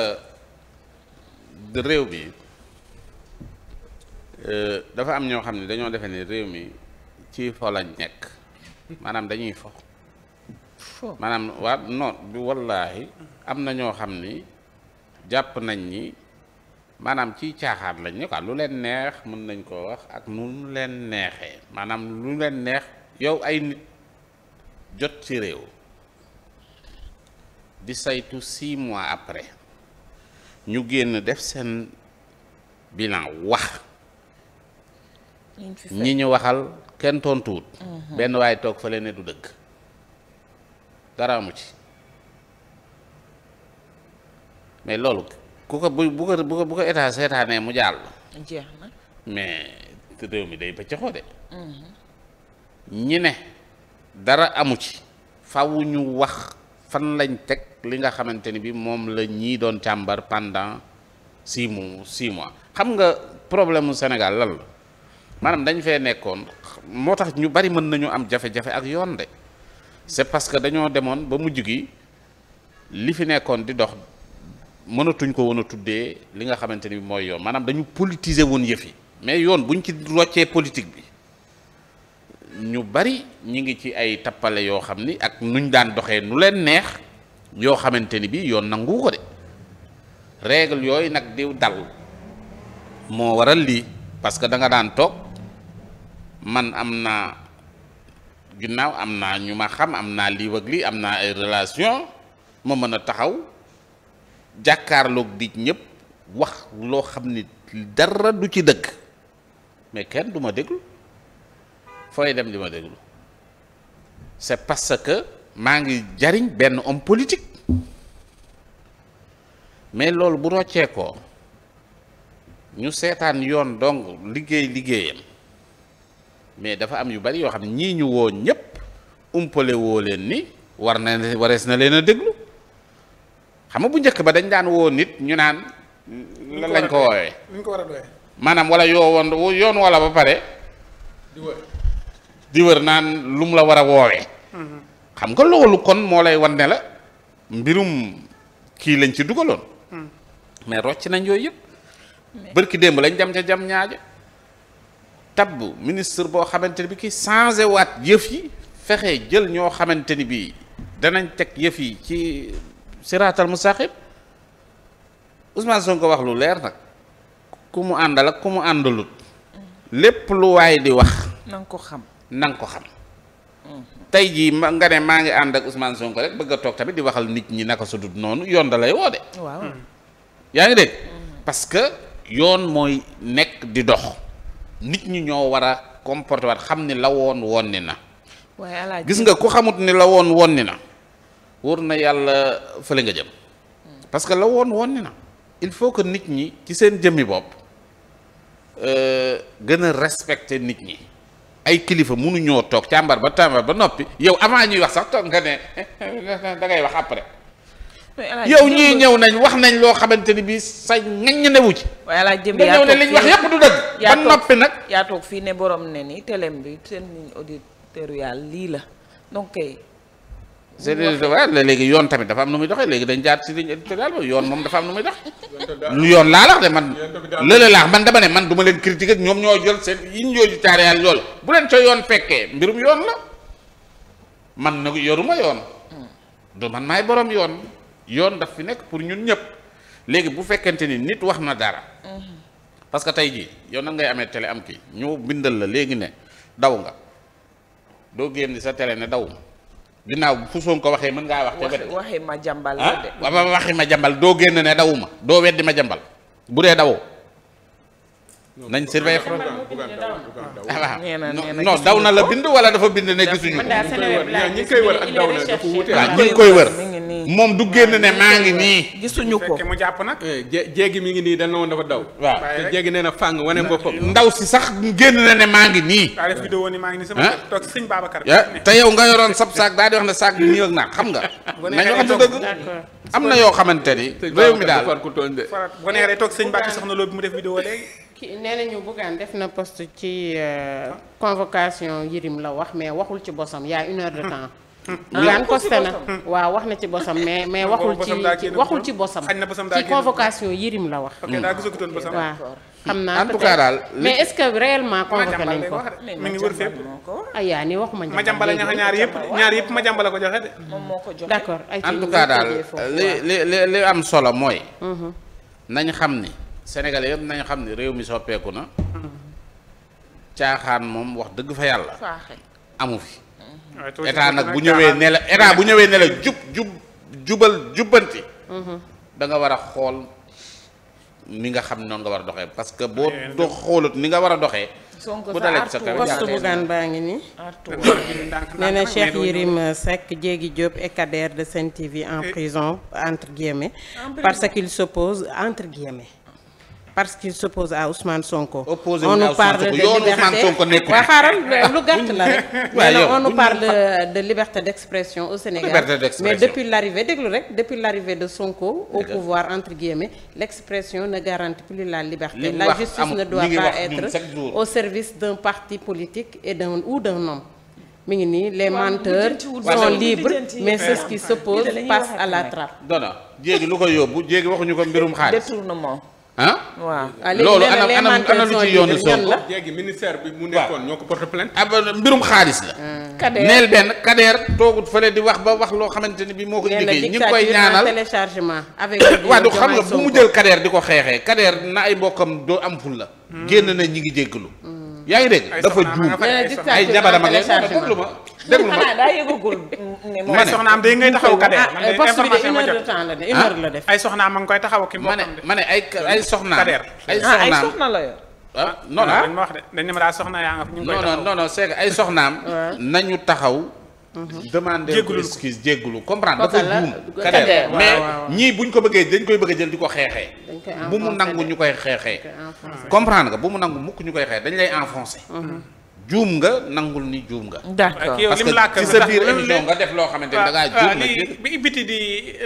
réew mi euh, dafa am ñoo xam ne dañoo defe ni réew mi ci fo lañ nekk maanaam dañuy fo maanaam waa non bi wallaahi am na ñoo xam ni jàpp nañ ni maanaam ci caaxaan lañ ne quoi lu leen neex mën nañ koo wax ak nu leen neexee maanaam lu leen neex yow ay nit jot ci réew di saytu six mois après ñu génn def seen bilan wax ñi ñu waxal kenn tontuwut mhm. benn waaye toog fële ne du dëgg dara amu ci mais loolu ku ko bu bu ko bu ko bu seetaanee mu jàll jeex na réew mi day pëccëxoo de mhm. ñi ne dara amu ci faw ñu wax fan lañ teg li nga xamante ni bi moom la ñii doon càmbar pendant six mois six mois xam nga problème mu Sénégal lan la maanaam dañ fee nekkoon moo tax ñu bari mën nañu am jafe-jafe ak yoon de c'est parce que dañoo demoon ba mujj gi li fi nekkoon di dox mënatuñ ko woon a tuddee li nga xamante ni bi mooy yoon maanaam dañu politiser woon yëfi mais yoon buñ ci roccee politique bi ñu bari ñi ngi ci ay tappale yoo xam ni ak nuñ daan doxee nu leen neex yoo xamante ni bii yoon nangu ko de règle yooyu nag diw dal moo waral lii parce que da daan toog man am naa ginnaaw am naa ñu ma xam am naa lii ak lii am naa ay relation ma mën a taxaw jàkkaarloog di ñépp wax loo xam ni dara du ci dëkk mais kenn du ma déglu fooy dem di ma déglu c'est parce que maa ngi jariñ benn homme politique mais loolu bu rocceekoo ñu seetaan yoon donc liggéey liggéeyam mais dafa am yu bari yoo xam ne ñii ñu woo ñépp umpale woo leen ni war na warees na leen a déglu xam nga bu njëkk ba dañ daan woo nit ñu naan lan lañ ko woowee maanaam wala yoo woon yoon wala ba pare di wër naan lu mu la war a woowe mm-hmm. xam nga loolu kon moo lay wan ne la mbirum kii lañ ci dugaloon. Hmm. mais rocc nañ yooyu yëpp. bërki démb lañ dem ca jam ñaaja tabb ministre boo xamante ni bi ki changé waat yëf yi fexe jël ñoo xamante ni bii danañ teg yëf yi ci siraatal mustaqim Ousmane ko wax lu leer nag ku mu àndal ak ku mu àndalut hmm. lépp lu waaye di wax. na ko xam na nga ko xam. Hmm. tey jii ma nga ne maa ngi ànd ak Ousmane Sonko rek bëgg a toog tamit di waxal nit ñi naka sudut noonu yoon da lay woode waaw yaa ngi dégg parce que yoon mooy nekk di dox nit ñi ñoo war a comporté waat xam ni la woon won ni na gis nga ku xamut ni la woon woon ni na wóor na yàlla fële nga jëm parce que la woon woon ni na il faut que nit ñi ci seen jëmmi bopp euh, gën a respecter nit ñi ay kilifa mënuñoo toog càmbar ba tàmbar ba noppi yow avant ñuy wax sax toog nga ne da ngay wax après. yow ñii ñëw nañ wax nañ loo xamante ni bii sa ñañ newu ci. waaye laa jëm yaa toog ne liñ wax yëpp du dëgg. ba noppi nag yaa toog fii ne borom ne ni télém bi seen auditeur yàlla lii la donc. c'est waaw léegi yoon tamit dafa am nu muy doxee léegi dañ jaar ci ligne éditoriale ba yoon moom dafa am nu muy doxee yoon laa lax de man lëla laax man dama ne man du ma leen critiquer ñoom ñoo jël seen yin yooyu caareyal yoolu bu leen ca yoon fekkee mbirum yoon la man nag yoruma yoon man maay borom yoon yoon daf fi nekk pour ñun ñëpp léegi bu fekkente ni nit wax na dara parce que tey jii yow nag ngay amee télé am kii ñu bindal la léegi ne daw nga doo génn sa télé ne daw ginnaaw fu ko waxee mën ngaa wax. te wet waxi ma jàmbal ma jàmbal doo génn ne dawu ma doo weddi ma jàmbal bu dee dawoo. nañ surveiller front non daw na la bind wala dafa bind ne gisuñu ko. ñi koy wër koy wër. moom du génn ne maa ngi nii. gisuñu ko mu jàpp nag. Eh, jéegi mi ngi nii dañ na woon dafa daw. waaw te jéegi nee na fàng wane boppam. ndaw si sax génn na ne maa ngi nii. daa def vidéo ni maa ngi nii sama eh? toog sëñ Babacar. te yow nga yoroon sab saag daal di wax ne saag bi nii ak naa xam nga. nañu waxante dëgg am na yoo xamante ni. réew mi daal far ku tooñ de. bu neexee toog sëñ Mbacke soxna loo bi mu def vidéo léegi. kii nee nañu Bougane def na poste ci euh, convocation Yirim la wax mais waxul ci bosam yaa une heure de temps. Bougane posté na waaw wax na ci bosam mais mais ah, waxul ci waxul ci bosam ci convocation yërim la wax waaw xam naa en tout cas daal mais est-ce que réellement convoqué nañ ko mi ngi wër fépp ay ah, yaa ni waxuma ma jàmbale ñax ñaar yëpp ñaar yëpp ma jàmbale ko joxe de moom ko joxe d'accord en tout cas daal li li li am solo mooy mhm. nañ xam ni sénégal yëpp nañ xam ni réew mi soppeeku na mhm. caaxaan moom wax dëgg fa yàlla amu fi état nag bu ñëwee ne la état bu ñëwee ne la jub jub jubal jubbanti. Mm-hmm. da war a xool mi nga xam noonu nga war a doxee parce que boo dox xoolut ni nga war a doxee. bu dalee sa kaw poste bu baa ngi nii. nee na Cheikh Yérim Seck Diégui Diop est cadre de Sen TV en prison entre guillemets parce qu'il s'oppose entre guillemets. parce qu'il s'oppose à Ousmane Sonko. opposé on nous parle de liberté waaw xaaral lu la rek. de liberté d'expression au Sénégal. mais depuis l'arrivée déglu rek depuis l'arrivée de Sonko. au pouvoir entre guillemets l'expression ne garantit plus la liberté. la justice ne doit pas être au service d'un parti politique et d'un ou d'un homme. mi ngi nii les menteurs sont libres mais ceux qui s'opposent passent à la trappe. non non jéegi lu ko yóbbu jéegi waxuñu ko mbirum xaalis ah. waaw loolu anam anam ana lu ci yoonu Sonko léegi ministère bi mu nekkoon ñoo ko porte plainte. ab ah, mbirum xaalis la. Hmm. neel benn Kader toogut fële di wax ba wax loo xamante ni bii moo ko. liggéey ñu ngi koy ñaanal téléchargement du xam nga fu mu jël Kader di ko xeexee Kader na ay mbokkam doo am ful la. Hmm. génn na ñi ngi jéggalu. Hmm. yaa ngi dégg dafa juum eh, ay jabaram ak déglu ma déglu ma xanaa daa yëgagul ma ne soxnaam ah, eh, def ay soxnaam ma ngi koy taxaw ki ma ne ma ne ay ay soxnaam kadeer ay ah, soxna ah, non non dañ soxna yaa ñu ngi ay soxnaam nañu taxaw demander excuse mmh. jéggulu comprendre dafa juum Kader mais ñii buñ ko bëggee dañ koy bëgg a jël di ko xeexee bu mu nangu ñu koy xeexee comprendre nga bu mu nangu mukk ñu koy xeexee dañ lay enfoncé mmh. juum nga nangul ni juum nga. d'accord parce que ci sa biir émission nga def loo xamante ni da ngaa juum ah, nga bi biti di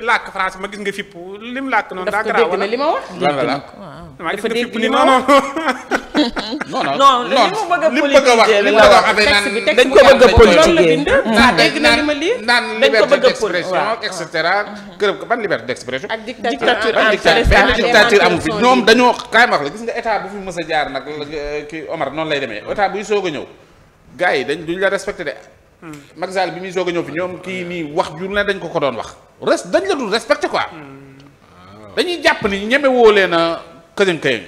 làkk français ma gis nga fipp lim làkk noonu. daa garaaw wala li ma wax. dafa dégg li ma wax non non a politiser la naan na li cetera. kër ban liberté d'expression. ak dictature am benn dictature amu gis nga état bu fi a jaar nag noonu lay demee état buy soog a ñëw gars yi dañ duñ la respecté de. Hmm. Macky bi muy soo a ñëw fi ñoom kii nii wax jur na dañ ko ko doon wax. res dañ la dul ko quoi. Hmm. dañuy jàpp ni ñeme woo leen a këjën këjën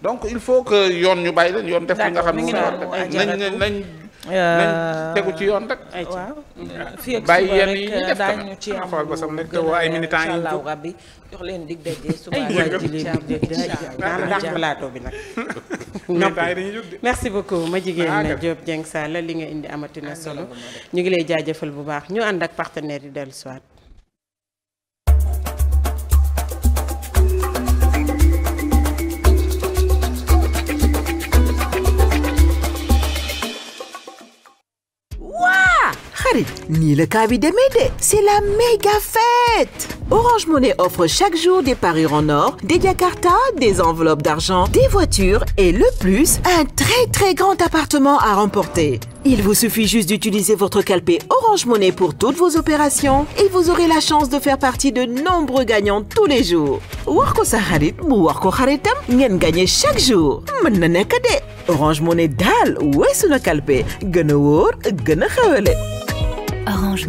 donc il faut que yoon ñu bàyyi leen yoon def. li nga xam ne nañ nañ. nañ euh, tegu ci yoon rek. waaw fii ak suba rek daañu ci am lu gën a allah rabbi jox leen dig daje suba ak ji leen dig daje daanaka plateau bi nag. merci beaucoup ma jigéen ah, Diop Dieng Sall li nga indi amati na ah, solo ñu ngi lay jaajëfal bu baax ñu ànd ak partenaire yi dellu xarit nii la cas c'est la méga fête Orange Money offre chaque jour des parures en or, des Jakarta, des enveloppes d'argent, des voitures et le plus, un très très grand appartement à remporter. Il vous suffit juste d'utiliser votre calpé Orange Money pour toutes vos opérations et vous aurez la chance de faire partie de nombreux gagnants tous les jours. War ko sa xarit mu war ko xaritam gagner chaque jour. Mën na Orange Money daal weesu na gën a wóor gën Orange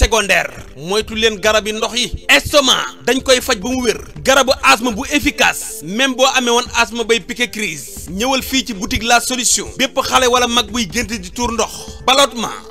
secondaire moytu leen garab yi ndox yi estomac dañ koy faj ba mu wér garabu asma bu efficace même boo amee woon asma bay piqué crise ñëwal fii ci boutique la solution bépp xale wala mag buy gént di tuur ndox ballottement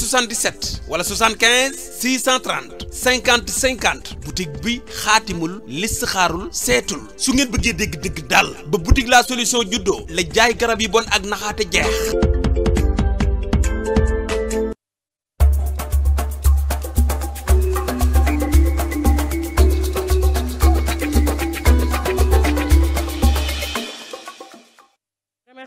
77 wala 75 630 50 50 boutique bi xaatimul listixaarul seetul su ngeen bëggee dégg-dégg daal ba boutique la solution juddoo la jaay garab yi bon ak naxaate jeex.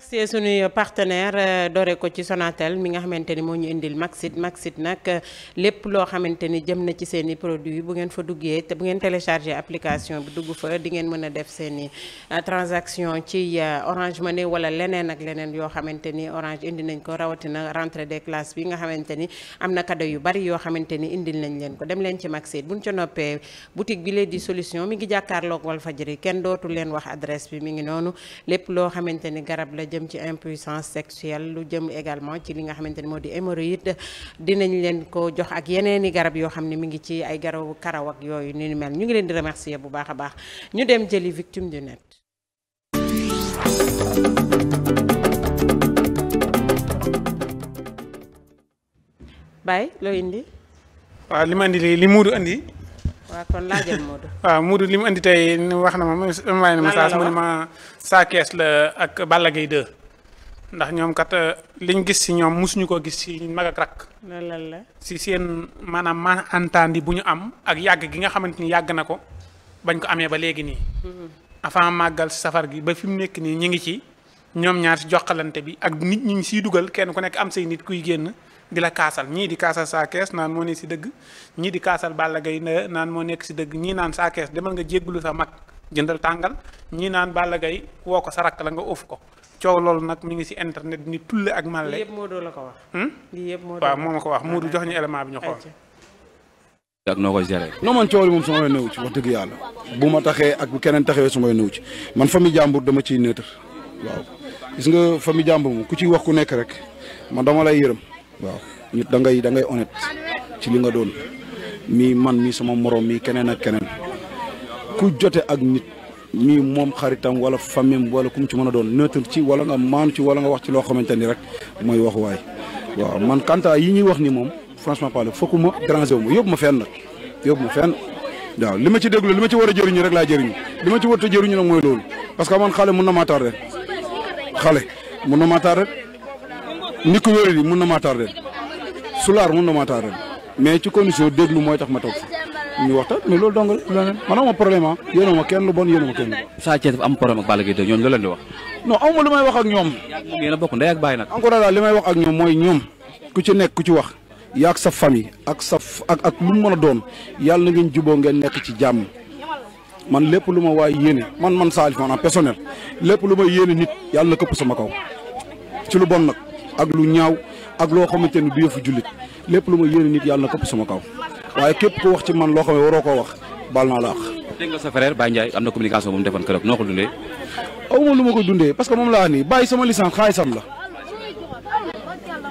remercier suñuy partenaire euh, doore ko ci Sonatel mi nga xamante ni moo ñu indil Maxit Maxit nag euh, lépp loo xamante ni jëm na ci seen produit bu ngeen fa duggee te bu ngeen téléchargé application bi dugg fa di mën a def seen i euh, transaction ci Orange Money wala leneen ak leneen yoo xamante ni Orange indi nañ ko rawatina rentrée des bi nga xamante ni am na cadeau yu bari yoo xamante ni indil nañ leen ko dem leen ci Maxit buñ ca noppee boutique bi lee di solution mi ngi jàkkaarloog Walfadjri kenn dootu leen wax adresse bi mi ngi noonu lépp loo xamante ni garab la jëm ci impuissance sexuelle lu jëm également ci li nga xamante ni moo di hémorroïde dinañ leen ko jox ak yeneen garab yoo xam ne mi ngi ci ay garabu karaw ak yooyu ni ñu mel ñu ngi leen di remercier bu baax a baax ñu dem jëli victime du net. Baye loo indi. waaw li ma indi li Moodu indi. waaw kon laajal Modou. waaw Modou li wax na ma ma envoyé na message mu ne ma la ak Balla Gaye 2 ndax ñoom kat euh, liñ gis si ñoom mosuñu ko gis si mag ak rakk. la si seen maanaam man entandi bu ñu am ak yàgg gi nga xamante ni yàgg na ko bañ ko amee ba léegi nii. Mm-hmm. avant màggal safar gi ba fi mu nekk nii ñu ngi ci ñoom ñaar si joxalante bi ak nit ñi ñu siy dugal kenn ku nekk am say nit kuy génn. di la kaasal ñii di kaasal saa kees naan moo ne si dëgg ñii di kaasal Balla Gaye naan moo nekk si dëgg ñii naan saa kees demal nga jégglu sa mag jëndal tàngal ñii naan Balla gay woo ko sa rakk la nga uuf ko coow loolu nag mi ngi si internet ni tulle ak màlle. lii yëpp Modou la ko wax. Hmm? lii yëpp moo ko wax Modou jox ñu élément bi ñu xool. ak noo koy gérer. non man coow li moom su ma néew ci wax dëgg yàlla bu ma taxee ak bu keneen taxawee su ma néew ci man famille jàmbur dama ciy neutre waaw gis nga famille jàmbur moom ku ci wax ku nekk rek man dama lay yërëm waaw nit da ngay da ngay honnête ci li nga doon mi man mi sama morom mii keneen ak keneen ku jote ak nit mii moom xaritam wala famille wala ku mu ci mën a doon neutre ci wala nga maan ci wala nga wax ci loo xamante ni rek mooy wax waaw man kanta yi ñuy wax ni moom franchement parler fokku ma déranger wu ma yóbbu ma fenn nag yóbbu ma fenn waaw li ma ci déglu li ma ci war a jëriñu rek laa jëriñu li ma ci war a jëriñu nag mooy loolu parce que man xale mun na maa nit ku wér di mun na maa tardé sulaar mun na maa tardé mais ci condition déglu mooy tax ma toog fi ñu waxtaan mais loolu dong la leneen ma problème ah ma kenn lu bon yéen ma kenn lu bon. Sa Thiès dafa am problème ak Balla Gaye 2 ñooñu loolu leen di wax. ak ñoom. yéen a bokk ku ci nekk ku ci wax. yaa ak sa ak sa ak ak mu mën a doon yàlla na juboo ngeen nekk ci jàmm. man lépp lu ma waay yéene man man Salif maanaam personnel lépp lu ma yéene nit yàlla na këpp sama kaw ci lu bon nag. ak lu ñaaw ak loo xamante ni du yëfu jullit lépp lu ma yéene nit yàlla na këpp sama kaw waaye képp ko wax ci man loo xam ne waroo koo wax baal naa la wax. dégg nga sa frère Baye am na communication bu mu defoon keroog noo ko dundee. aw ma lu ma ko dundee parce que moom laa nii bàyyi sama licence xaalisam la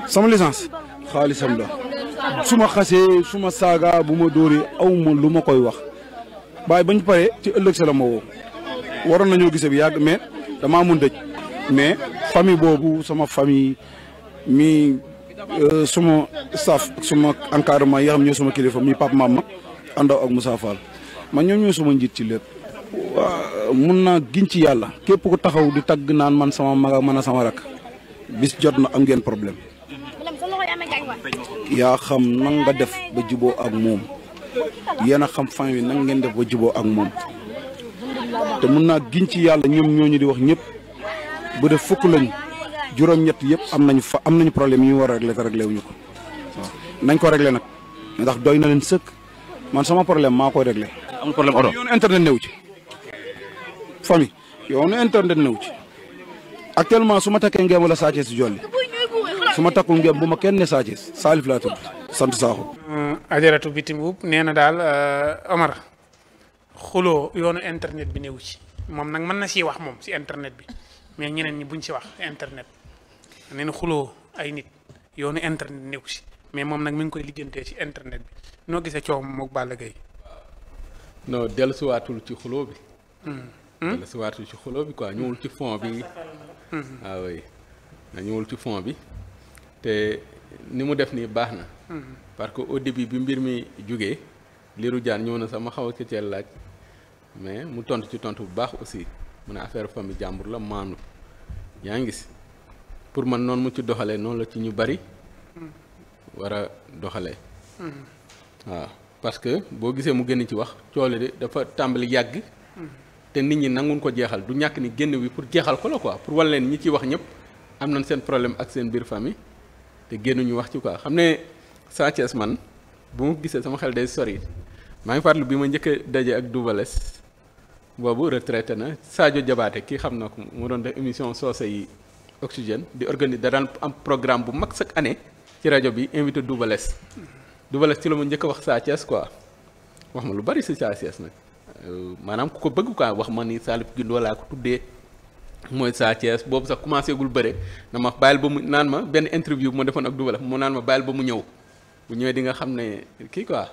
sama licence xaalisam la su ma xasee su ma saaga bu ma dóoree aw ma lu ma koy wax bàyyi bañ pare ci ëllëg sa la ma waroon nañoo gisee bi yàgg mais damaa mun dëj mais famille boobu sama famille mi euh, suma staff suma encadrement yi xam ñoo suma kilifa mi Pape Mama àndaw ak Moussa Fall man ñoom ñoo suma njiit ci lépp mun naa giñ ci yàlla képp ku taxaw di tagg naan man sama mag ak man a sama rak bis jot na am ngeen problème yaa xam nan def ba juboo ak moom yéen a xam fan ngeen def ba juboo ak moom te mun naa giñ ci yàlla ñoom ñu di wax ñëpp bu def fukk lañu juróom-ñett yëpp am nañu fa am nañu problème ñu war a réglé te réglé wuñu ko nañ ko réglé nag ndax doy na leen sëkk man sama problème maa koy réglé. amul problème oto yoonu internet néew ci famille yoonu internet néew ci actuellement su ma takkee ngeen wala Sathiès si jolli su ma takkul ngeen bu ma kenn ne Sathiès Salif laa tudd sant Sakho. Euh, ajaratu bitim buub nee na daal euh, Omar xuloo yoonu internet bi néew ci moom nag mën na si wax moom si internet bi mais ñeneen ñi buñ si wax internet. nee na xuloo ay nit yoonu internet néew si mais moom nag mi ngi koy lijjantee ci internet bi noo gisee coow moom moog Balla Gaye non dellusiwaatul ci xuloo bi. Hmm? Hmm? dellusiwaatul ci xuloo bi quoi ñëwul ci fond bi. waaw hmm. ah ñëwul ci fond bi te ni mu def nii baax na. parce que au début bi mbir mi jugee liiru jaan ñëw na sama xaw a ci teel laaj mais mu tontu ci tontu bu baax aussi mu ne affaire famille jàmbur la maandu yaa ngi gis pour man noonu mu ci doxalee noonu la ci ñu bari war a doxalee. waaw parce que boo gisee mu génn ci wax coole de dafa tàmbali yàgg. te nit ñi nanguñ ko jeexal du ñàkk ni génn wi pour jeexal ko la quoi pour wan leen ñi ci wax ñëpp am nañ seen problème ak seen biir famille te ñu wax ci quoi xam ne Sa Thiès man bu ma gisee sama xel day sori maa ngi fàttali bi ma njëkk a daje ak Doubalès boobu retraité na Sadio Jabaate kii xam naa ko mu doon def émission soose yi. oxygène di organiser da daan am programme bu mag chaque année ci rajo bi invité Double Less ci la ma njëkk wax Sa Thiès quoi wax ma lu bari si Sa Thiès nag euh, maanaam ku ko bëggu quoi wax ma ni Salif Guindo laa ko tuddee mooy Sa Thiès boobu sax commencé gul bëre na ma bàyyil ba mu naan ma benn interview bu ma defoon ak Double Less mu naan ma bàyyil ba mu ñëw bu ñëwee di nga xam ne kii quoi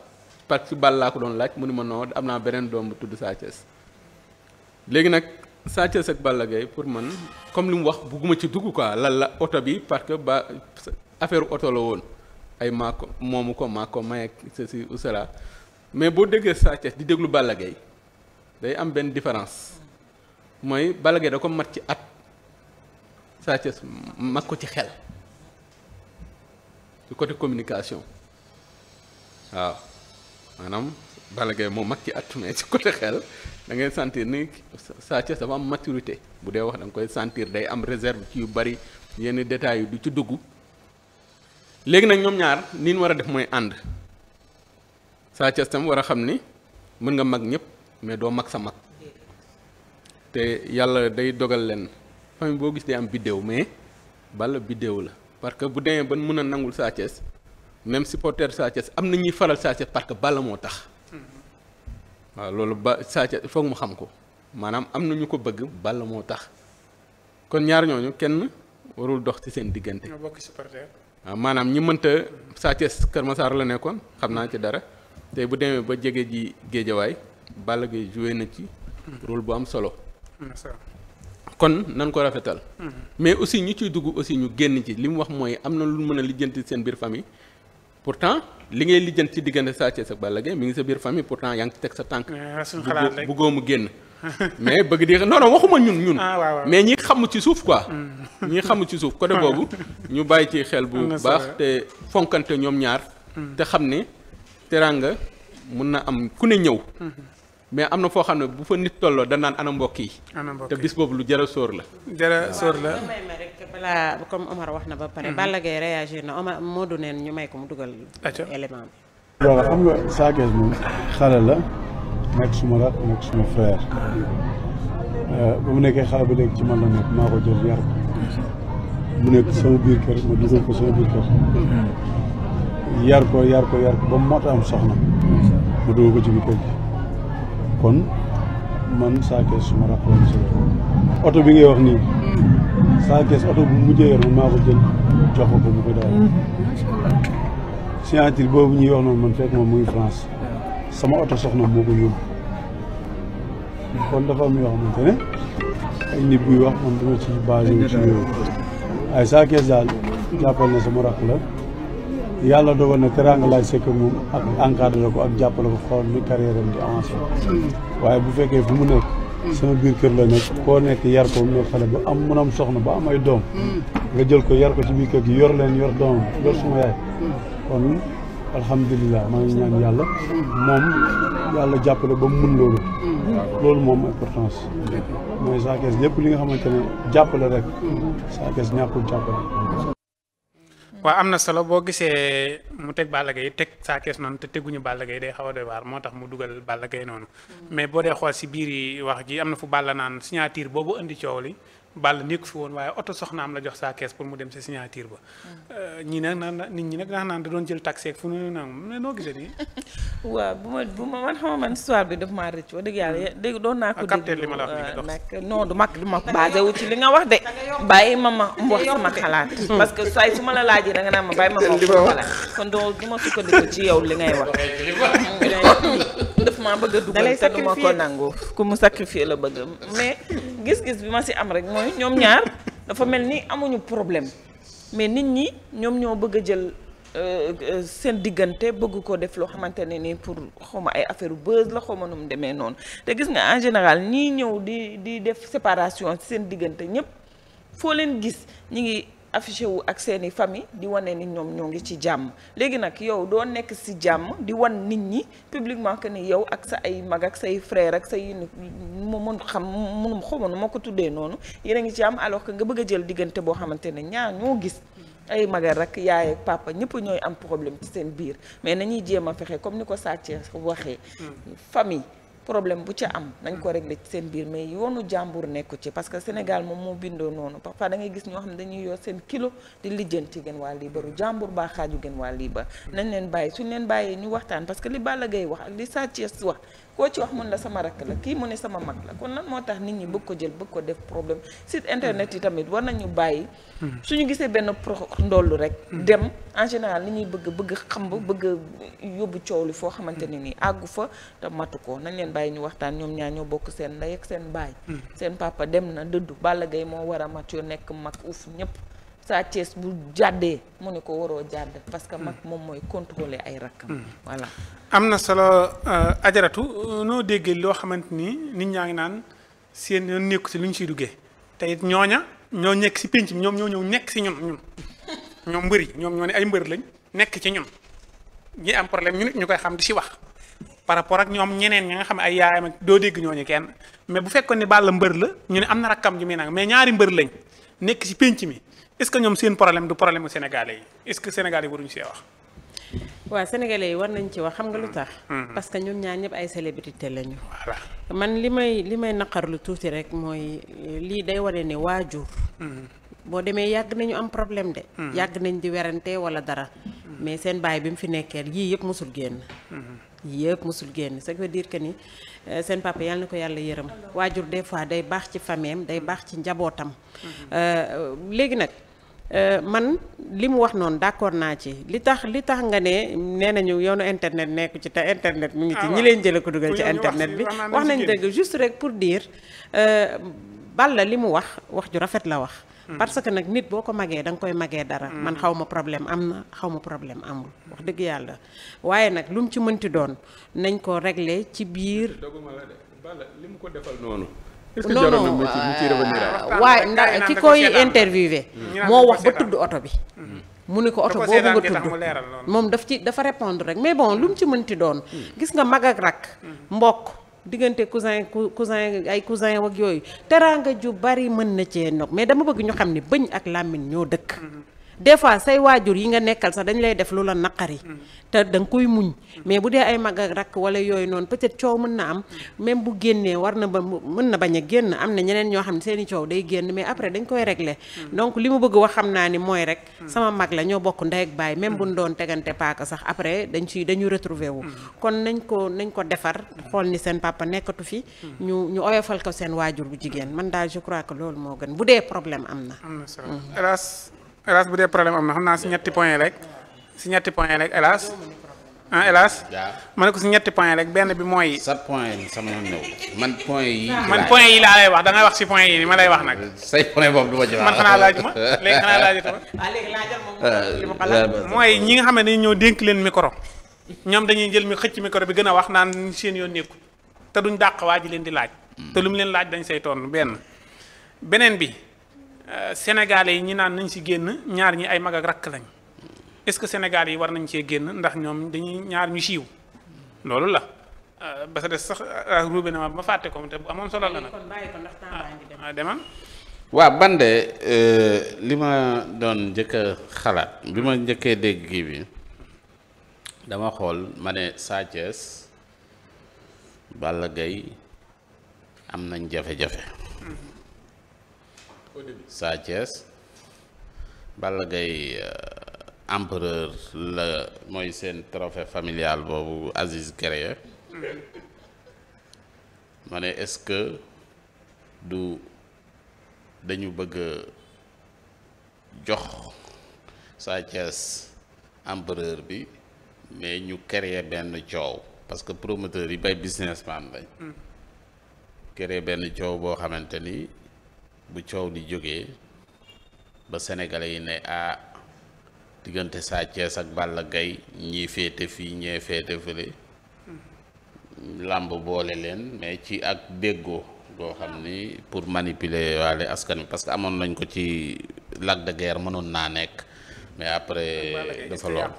parce que bal laa ko doon laaj mu ne ma non am naa beneen doom bu tudd Sa Sa Thiès ak Balla pour man comme li mu wax bugguma ci dugg quoi lan la oto bi parce que ba affaire oto la woon ay maa moomu ko maa ko maye ceci mais boo déggee Sa di déglu Balla day am benn différence mooy Balla da ko mat ci at Sa mag ko ci xel ci côté communication waaw maanaam Balla Gaye moo mag ci at mais ci côté xel da ngay sentir ni Sa Thiès dafa am maturité bu dee wax da koy sentir day am réserve ci yu bari yenn détails yi du ci dugg léegi nag ñoom ñaar ni war a def mooy ànd Sa Thiès tam war a xam ni mën nga mag ñëpp mais doo mag sa mag te yàlla day dogal leen famille boo gis day am biddéew mais bala biddéew la parce que bu demee ba mun a nangul Sa Thiès même supporter Sa Thiès am na ñuy faral Sa Thiès parce que bala moo tax waa loolu ba Sa foog mu xam ko maanaam am na ñu ko bëgg bàll moo tax kon ñaar ñooñu kenn warul dox ci seen diggante. ñoo bokk supporter. waaw maanaam ñi mënta Sa Kër Massar la nekkoon xam naa ci dara tey bu demee ba jege ji géejawaay Balla Gaye joué na ci rôle bu am solo. kon nan ko rafetal. Mhm. mais aussi ñu ciy dugg aussi ñu génn ci li mu wax mooy am na lu mën a lijjanti seen biir famille. pourtant li ngay lijjanti ci diggante Sa Thiès ak Balla Gaye mi ngi sa biir famille pourtant yaa ngi teg sa tànk. Eh, suñu xalaat mu génn. mais bëgg di non non waxuma ñun ñun. Ah, mais ñi xamu ci suuf ko hmm. ñi xamu ci suuf côté boobu. ñu bàyyi ci xel bu baax te fonkante ñoom ñaar. Hmm. te xam ne teraanga mun na am ku ne ñëw. Hmm. mais am na foo xam ne bu fa nit tolloo da naan ana mbokk yi. ana te bis boobu lu jara sóor la. jara sóor la waaw wax na ba pare. Mhm. Balla Gaye na Omar moo du neen ñu may ko mu dugal. élément bi. la nekk euh, mu nekkee xale ba léegi ci man la nekk maa ko jël yar ko mu nekk sama biir kër ma dugal ko sama biir kër. Mhm. yar ko yar ko yar ko ba mu mot am soxna ma dugal ko ci kër gi. kon man saa kees suma rapport si oto bi ngay wax nii saa oto bu mujjee yor maa ko jël jox ko bu ko daal boobu ñuy wax noonu man fekk mu sama oto soxna moo ko yóbbu kon dafa am yoo xamante ne ay nit buy wax man dama ci basé wu ci yooyu waaye saa kees daal jàppal na sama rakk la yàlla dogal na teraanga laay sekk moom ak encadré ko ak jàppale ko xool lu carrière am di avancé waaye bu fekkee fu mu nekk sama biir kër la nekk koo nekk yar ko mu nekk xale ba am mun am soxna ba am ay doom nga jël ko yar ko ci biir kër gi yor leen yor doom yor suma yaay kon alhamdulilah maa ngi ñaan yàlla moom yàlla jàppale ba mu mun loolu loolu moom importance mooy Sa lépp li nga xamante ne jàppale rek Sa Thiès ñàkkul jàppale waaw am na solo boo gisee mu teg Balla Gaye teg Sa Thiès noonu te teguñu Balla Gaye day xaw a doy waar moo tax mu dugal Balla Gaye noonu mm. mais boo dee xool si biir yi wax ji am na fu Balla naan signature boobu indi coow li Balla nekk fi woon waaye oto soxnaam la jox saa kees pour mu dem sa signature ba. Euh, ñii nag naan nit ñi nag naan naan da doon jël taxi ak fu mu ne noo gisee nii. waaw bu ma bu ma man xam man histoire bi daf maa rëcc hmm. doon naa ko. Ah, déglu li ma la wax euh, nag non du mag du ma basé ci li nga wax de. bàyyi ma ma wax sama xalaat. parce que saa su ma la laaj da nga naan ma bàyyi ma ma wax sama xalaat kon doo du ma sukkandiku ci yow li ngay wax. maa bëgg a dugal te du ma ko nangu ku mu sacrifier la bëgg mais gis-gis bi ma si am rek mooy ñoom ñaar dafa mel ni amuñu problème mais nit ñi ñoom ñoo bëgg a jël euh, euh, seen diggante bëgg ko def loo xamante ne nii pour xawma ay affaire buzz la xawma nu mu demee noonu te gis nga en général ñii ñëw di di def séparation seen diggante ñëpp foo leen gis ñi ngi affiché wu ak seeni famille di wane nit ñoom ñoo ngi ci jàmm léegi nag yow doo nekk si jàmm di wan nit ñi publiquement que ni yow ak sa ay mag ak say frère ak say mu mun xam munum xamanu moo ko tuddee noonu yéen a ngi ci am alors que nga bëgg a jël diggante boo xamante ne ñaar ñoo gis ay magal rek yaay ak papa ñëpp ñooy am problème ci seen biir mais na nañuy jéem a fexe comme ni ko Sathies waxee hmm. famille problème bu ci am mm-hmm. nañ ko régler ci seen biir mais yoonu jàmbur nekku ci parce que Sénégal moom moo bindoo noonu parfois da ngay gis ñoo xam ne dañuy yor seen kilo di lijjanti gen waa liibaru jàmbur baa xaaju gën waa liibar nañ leen bàyyi suñ leen bàyyee ñu waxtaan parce que li Balla Gaye wax ak li Sa Thiès wax koo ci wax mun la sama rakk la kii mu ne sama mag la kon nan moo tax nit ñi bëgg ko jël bëgg ko def problème site internet yi tamit war nañu bàyyi hmm. su ñu gisee benn pro ndollu rek hmm. dem en général nit ñuy bëgg bëgg xamb bëgg yóbbu coow li foo xamante ne hmm. nii àggu fa te matu ko nañ leen bàyyi ñu waxtaan ñoom ñaa ñoo bokk seen ndey ak seen baay seen papa dem na dëddu Balla gay moo war a mat yu nekk mag uuf ñëpp Sa Thiès bu jàddee mu ne ko waroo jàdd parce que mag moom mooy contrôler ay rakkam hmm. voilà am na solo euh, ajaratu noo déggee loo xamante ni nit ñaa ngi naan seen yoon nekku si lu ñu siy duggee te it ñooña ñoo nekk si pénc mi ñoom ñoo ñëw nekk si ñun ñun ñoom mbër yi ñoom ñoo ne ay mbër lañ nekk ci ñun ñi am problème ñu nit ñu koy xam di si wax par rapport ak ñoom ñeneen ñi nga xam ay yaayam ak doo dégg ñooñu kenn mais bu fekkoon ne Balla mbër la ñu ne am na rakkam ju muy nag mais ñaari mbër lañ nekk ci pénc mi est-ce que ñoom seen problème du problème mu sénégalais yi est-ce que sénégalais yi waruñu see wax. waaw sénégalais yi war nañ ci wax xam nga lu tax. Hmm. parce que ñoom ñaar ñëpp ay célébrité lañu. man li may li may naqar lu tuuti rek mooy eh, lii day wane ne waajur. Hmm. boo demee yàgg nañu am problème de. Hmm. yàgg nañ di werante walla dara. mais seen baay bi mu fi nekkee yii yëpp mosul génn. yëpp mosul génn ça veut dire que ni euh, seen papa yàlla na ko yàlla yërëm waajur des fois day baax ci fameem day baax ci njabootam euh, léegi nag Uh, man li mu wax noonu d'accord naa ci li tax li tax nga ne nee nañu yoonu internet nekk ci te internet mu ngi ci ah, ñi leen jële ko dugal ci internet bi wax nañu dëgg juste rek pour dire uh, Balla li mu wax wax ju rafet la wax Mm. parce que nag nit boo ko magee danga koy magee dara. Mm. man xaw ma problème am na xaw ma problème amul wax dëgg yàlla waaye nag lu mu ci mënti doon nañ ko régler ci biir. doguma ko defal noonu. Euh, ndax ki koy interviewé. moo wax ba tudd oto bi. Mm. mu ne ko oto boobu nga tudd moom daf ci dafa répondre rek mais bon lu mu ci mënti doon. gis nga mag ak rak mbokk. diggante cousin cousin ay cousin wak yooyu teraanga ju bari mën na cee ndox mais dama bëgg ñu xam ne bëñ ak làmmiñ ñoo dëkk des fois say waajur yi nga nekkal sax dañ lay def lu la naqari. Mm. te da koy muñ. mais bu dee ay mag ak rakk wala yooyu noonu peut-être coow mën na am mm. même bu génnee war na ba mën na bañ a génn am na ñeneen ñoo xam ne seeni coow day génn mais après dañ koy régler. Mm. donc li mu bëgg wax xam naa ni mooy rek. sama mag la bokk ndey ak baay même bu ñu doon tegante paaka sax après dañ ciy dañu retrouver wu. kon nañ ko nañ ko defar xool ni seen papa nekkatu fi. ñu ñu oyofal ko seen waajur bu jigéen man daal je crois que loolu moo gën bu dee problème am na. am na solo hélas bu dee problème am na xam naa si ñetti point rek si ñetti point rek hélas ah hélas. waaw ma ne ko si ñetti point rek benn bi mooy. sa point yi sama néew. man point yi. man point yi laa lay wax da wax si point yi ni ma lay wax nag. say point boobu du ma ci wax. man xanaa laajuma léegi xanaa ah, laajatuma. Euh, mooy ñi nga xam ne dañu ñëw dénk leen micro. ñoom dañuy jël mi xëcc micro bi gën a wax naan seen yoon nekku te duñ dàq waa ji leen di laaj. Hmm. te lu mu leen laaj dañ say toon benn beneen bi. Euh, sénégalais yi ñu naan nañ si génn ñaar ñi ay mag ak rakk lañ est-ce que sénégalais yi war nañ cee génn ndax ñoom dañuy ñaar ñu siiw loolu la euh, ba sa des sax euh, ruube na ma ba fàtte ko te bu amoon solo la nag ah, ah demal waaw bande li ma doon njëkk xalaat bi ma njëkkee dégg kii bi dama xool ma ne Sa Thiès Balla am nañ jafe-jafe mm-hmm. Sa Thiès Balla Gaye euh, empereur la mooy seen trophée familial boobu Aziz créé ma ne est-ce que du dañu bëgg jox Sa Thiès empereur bi mais ñu créer benn coow parce que promoteur yi bay businessman lañ mm. créer benn coow boo xamante ni bu coow di jógee ba sénégalais yi ne ah diggante Sa Thiès ak Balla Gaye ñii féete fii ñee féete fële mm-hmm. làmb boole leen mais ci ak déggoo loo xam ni pour manipuler waale askan wi parce que amoon nañ ko ci lac de mënoon naa nekk mais après dafa lool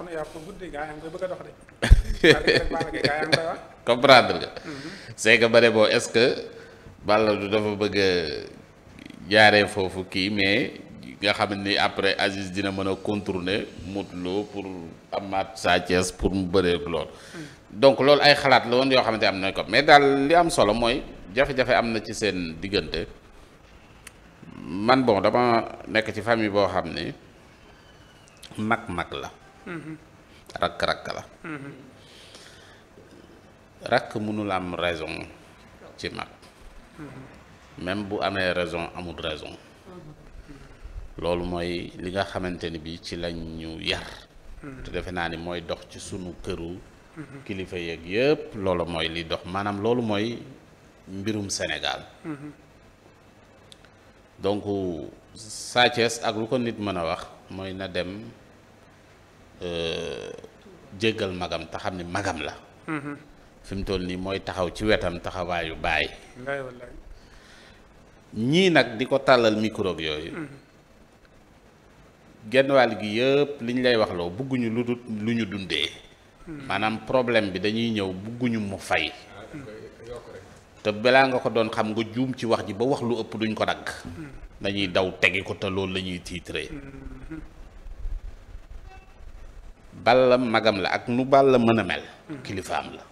comprendre nga mm-hmm. c'est que boo est-ce Balla du dafa bëgg jaaree foofu kii mais nga xam ni après Aziz dina mën a contourner mut loo pour amaat Sa Thiès pour mu bëree lool. donc loolu ay xalaat la woon yoo xamante am nañ ko mais daal li am solo mooy jafe am na ci seen diggante man bon dama nekk ci famille boo xam ni mag-mag la. rakk-rakk la. rakk mënul am raison ci mag. même bu amee raison amul raison loolu mooy li nga xamante ni bi ci lañ ñu yar hmm. te defe naa ni mooy dox ci suñu këru kilifa yeeg yëpp loolu mooy li dox maanaam loolu mooy mbirum Sénégal hmm. donc Sa Thiès ak lu ko nit mën a wax mooy na dem euh, jéggal magam te xam ni magam la hmm. fi toll nii mooy taxaw ci wetam taxawaayu baay ñii nag di ko tàllal micro yooyu mm-hmm. genn wàll gi yëpp liñ lay wax loo bugguñu lu dul lu ñu dundee mm-hmm. maanaam problème bi dañuy ñëw bugguñu mu fay mm-hmm. te balaa nga ko doon xam nga juum ci wax ji ba wax lu ëpp duñ ko dagg dañuy daw tegi ko te loolu la ñuy tiitree Balla magam la ak nu Balla mën a mel kilifaam la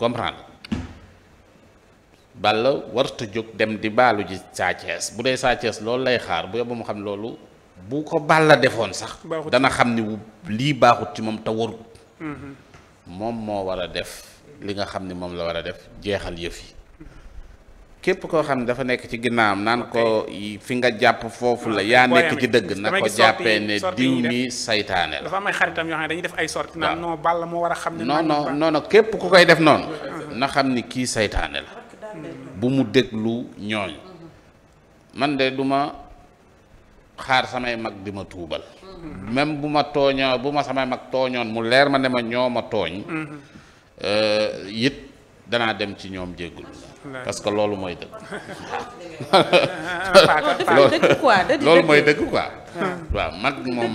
comprendre Balla warta jóg dem di baalu ji Sa bu dee Sa loolu lay xaar bu yóbbu mu xam loolu bu ko Balla defoon sax. dana xam ni lii baaxut ci moom te warut. Mm-hmm. moom moo war a def li nga xam ni moom la war a def jeexal yëfi képp koo xam ne dafa nekk ci ginnaawam naan ko fi nga jàpp foofu la yaa nekk ci dëgg na ko jàppee ne diw mi saytaane la. dafa am ay xaritam yoo dañuy def ay sorti naan non Balla moo war a xam ne. non non non képp ku koy def noonu. Mm-hmm. na xam ni kii seytaane la. bu mu déglu ñooñu man de du ma xaar samay mag di ma tuubal même bu ma tooñoo bu ma samay mag tooñoon mu leer ma ne ma ñoo ma tooñ it danaa dem ci ñoom jéggul parce que loolu mooy dëgg loolu mooy dëgg quoi waaw mag moom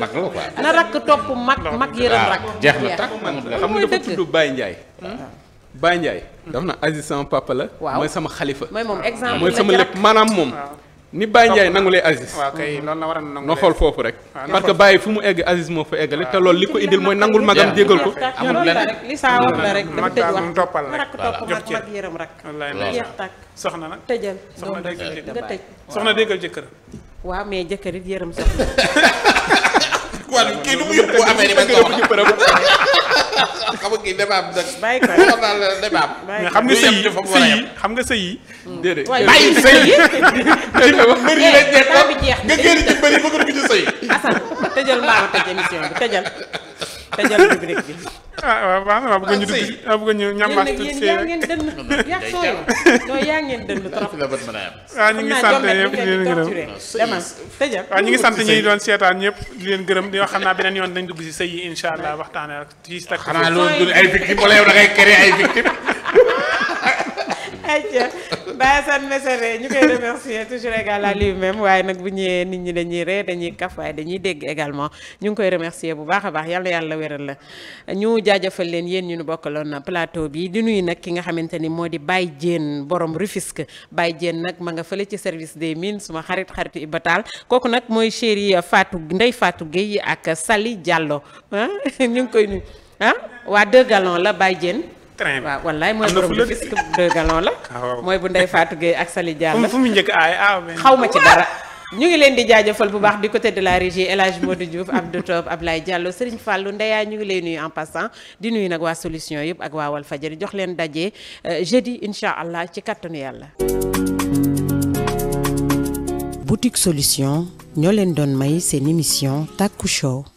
mag la quoi na rakk topp mag mag yërëm rakk jeex na takk xam nga dafa tudd Baye Ndiaye Baye Ndiaye. daf na Aziz sama papa la. waaw mooy sama xalifa. mooy moom exemple mooy sama lépp maanaam moom. ni Baye Ndiaye nangulee Aziz. waaw kay loolu la war a xool foofu rek. parce que Baye fu mu egg Aziz moo fa eggale te loolu li ko indil mooy nangul magam jégal ko. amul leneen li saa wax la rek dafa tëj wax rakk topp mag mag yërëm rakk. jeex tàkk soxna nag tëjal. soxna déggal nga tëj. soxna déggal jëkkër. waaw mais jëkkër yërëm soxna. kii nu mu yóbbu amee ni ma soxna xam nga kii débat bi nag. xam naa la xam nga sëy hmm. yi sëy nga génn ci bëri bëgg dugg ci sëy. Assane ma tëj émission bi dajal rubrique bi. ah waaw baax na bëgg ah, ah, ñu dugg bëgg ñu ñu ngi sant ñëpp di leen ñu ngi sant doon seetaan ñëpp di leen gërëm di xam naa beneen yoon dañ dugg si sëy yi incha allah waxtaanee ak ci takk. xanaa loolu ay victime wala yow da ngay créer ay victime ayca Baye Assane Mesere ñu koy remercier toujours égal à lui-même waaye nag bu ñëwee nit ñi dañuy ree dañuy kaf waaye dañuy dégg également ñu ngi koy remercier bu baax a baax yàlla yàlla wéral la ñu jaajëfal leen yéen ñu nu bokkaloon plateau bii di nuyu nag ki nga xamante ni moo di bàyyi Diène borom Rufisque bàyyi Diène nag ma nga fële ci service de mines suma xarit xaritu Ibataal kooku nag mooy chéri Fatou Ndeye Fatou Gueye ak Sali Diallo ah, ñu ngi koy nuyu ah, la Baye Diène train bi. waaw wallaay mooy le fisc de galon la. Ah, bu Ndeye Fatou Gueye ak Sali Diallo. fu mu njëkk aay ah, xaw ci dara. ñu ngi leen di jaajëfal bu baax du côté de la régie El Hadj Modou Diouf Abdou Top Ablaye Diallo Serigne Fallou Ndeya ñu ngi lay nuyu en passant di nuyu nag waa solution yëpp ak waa Walfadjri jox leen daje euh, jeudi incha allah ci kattanu yàlla. boutique solution ñoo leen doon may seen émission Taku Show.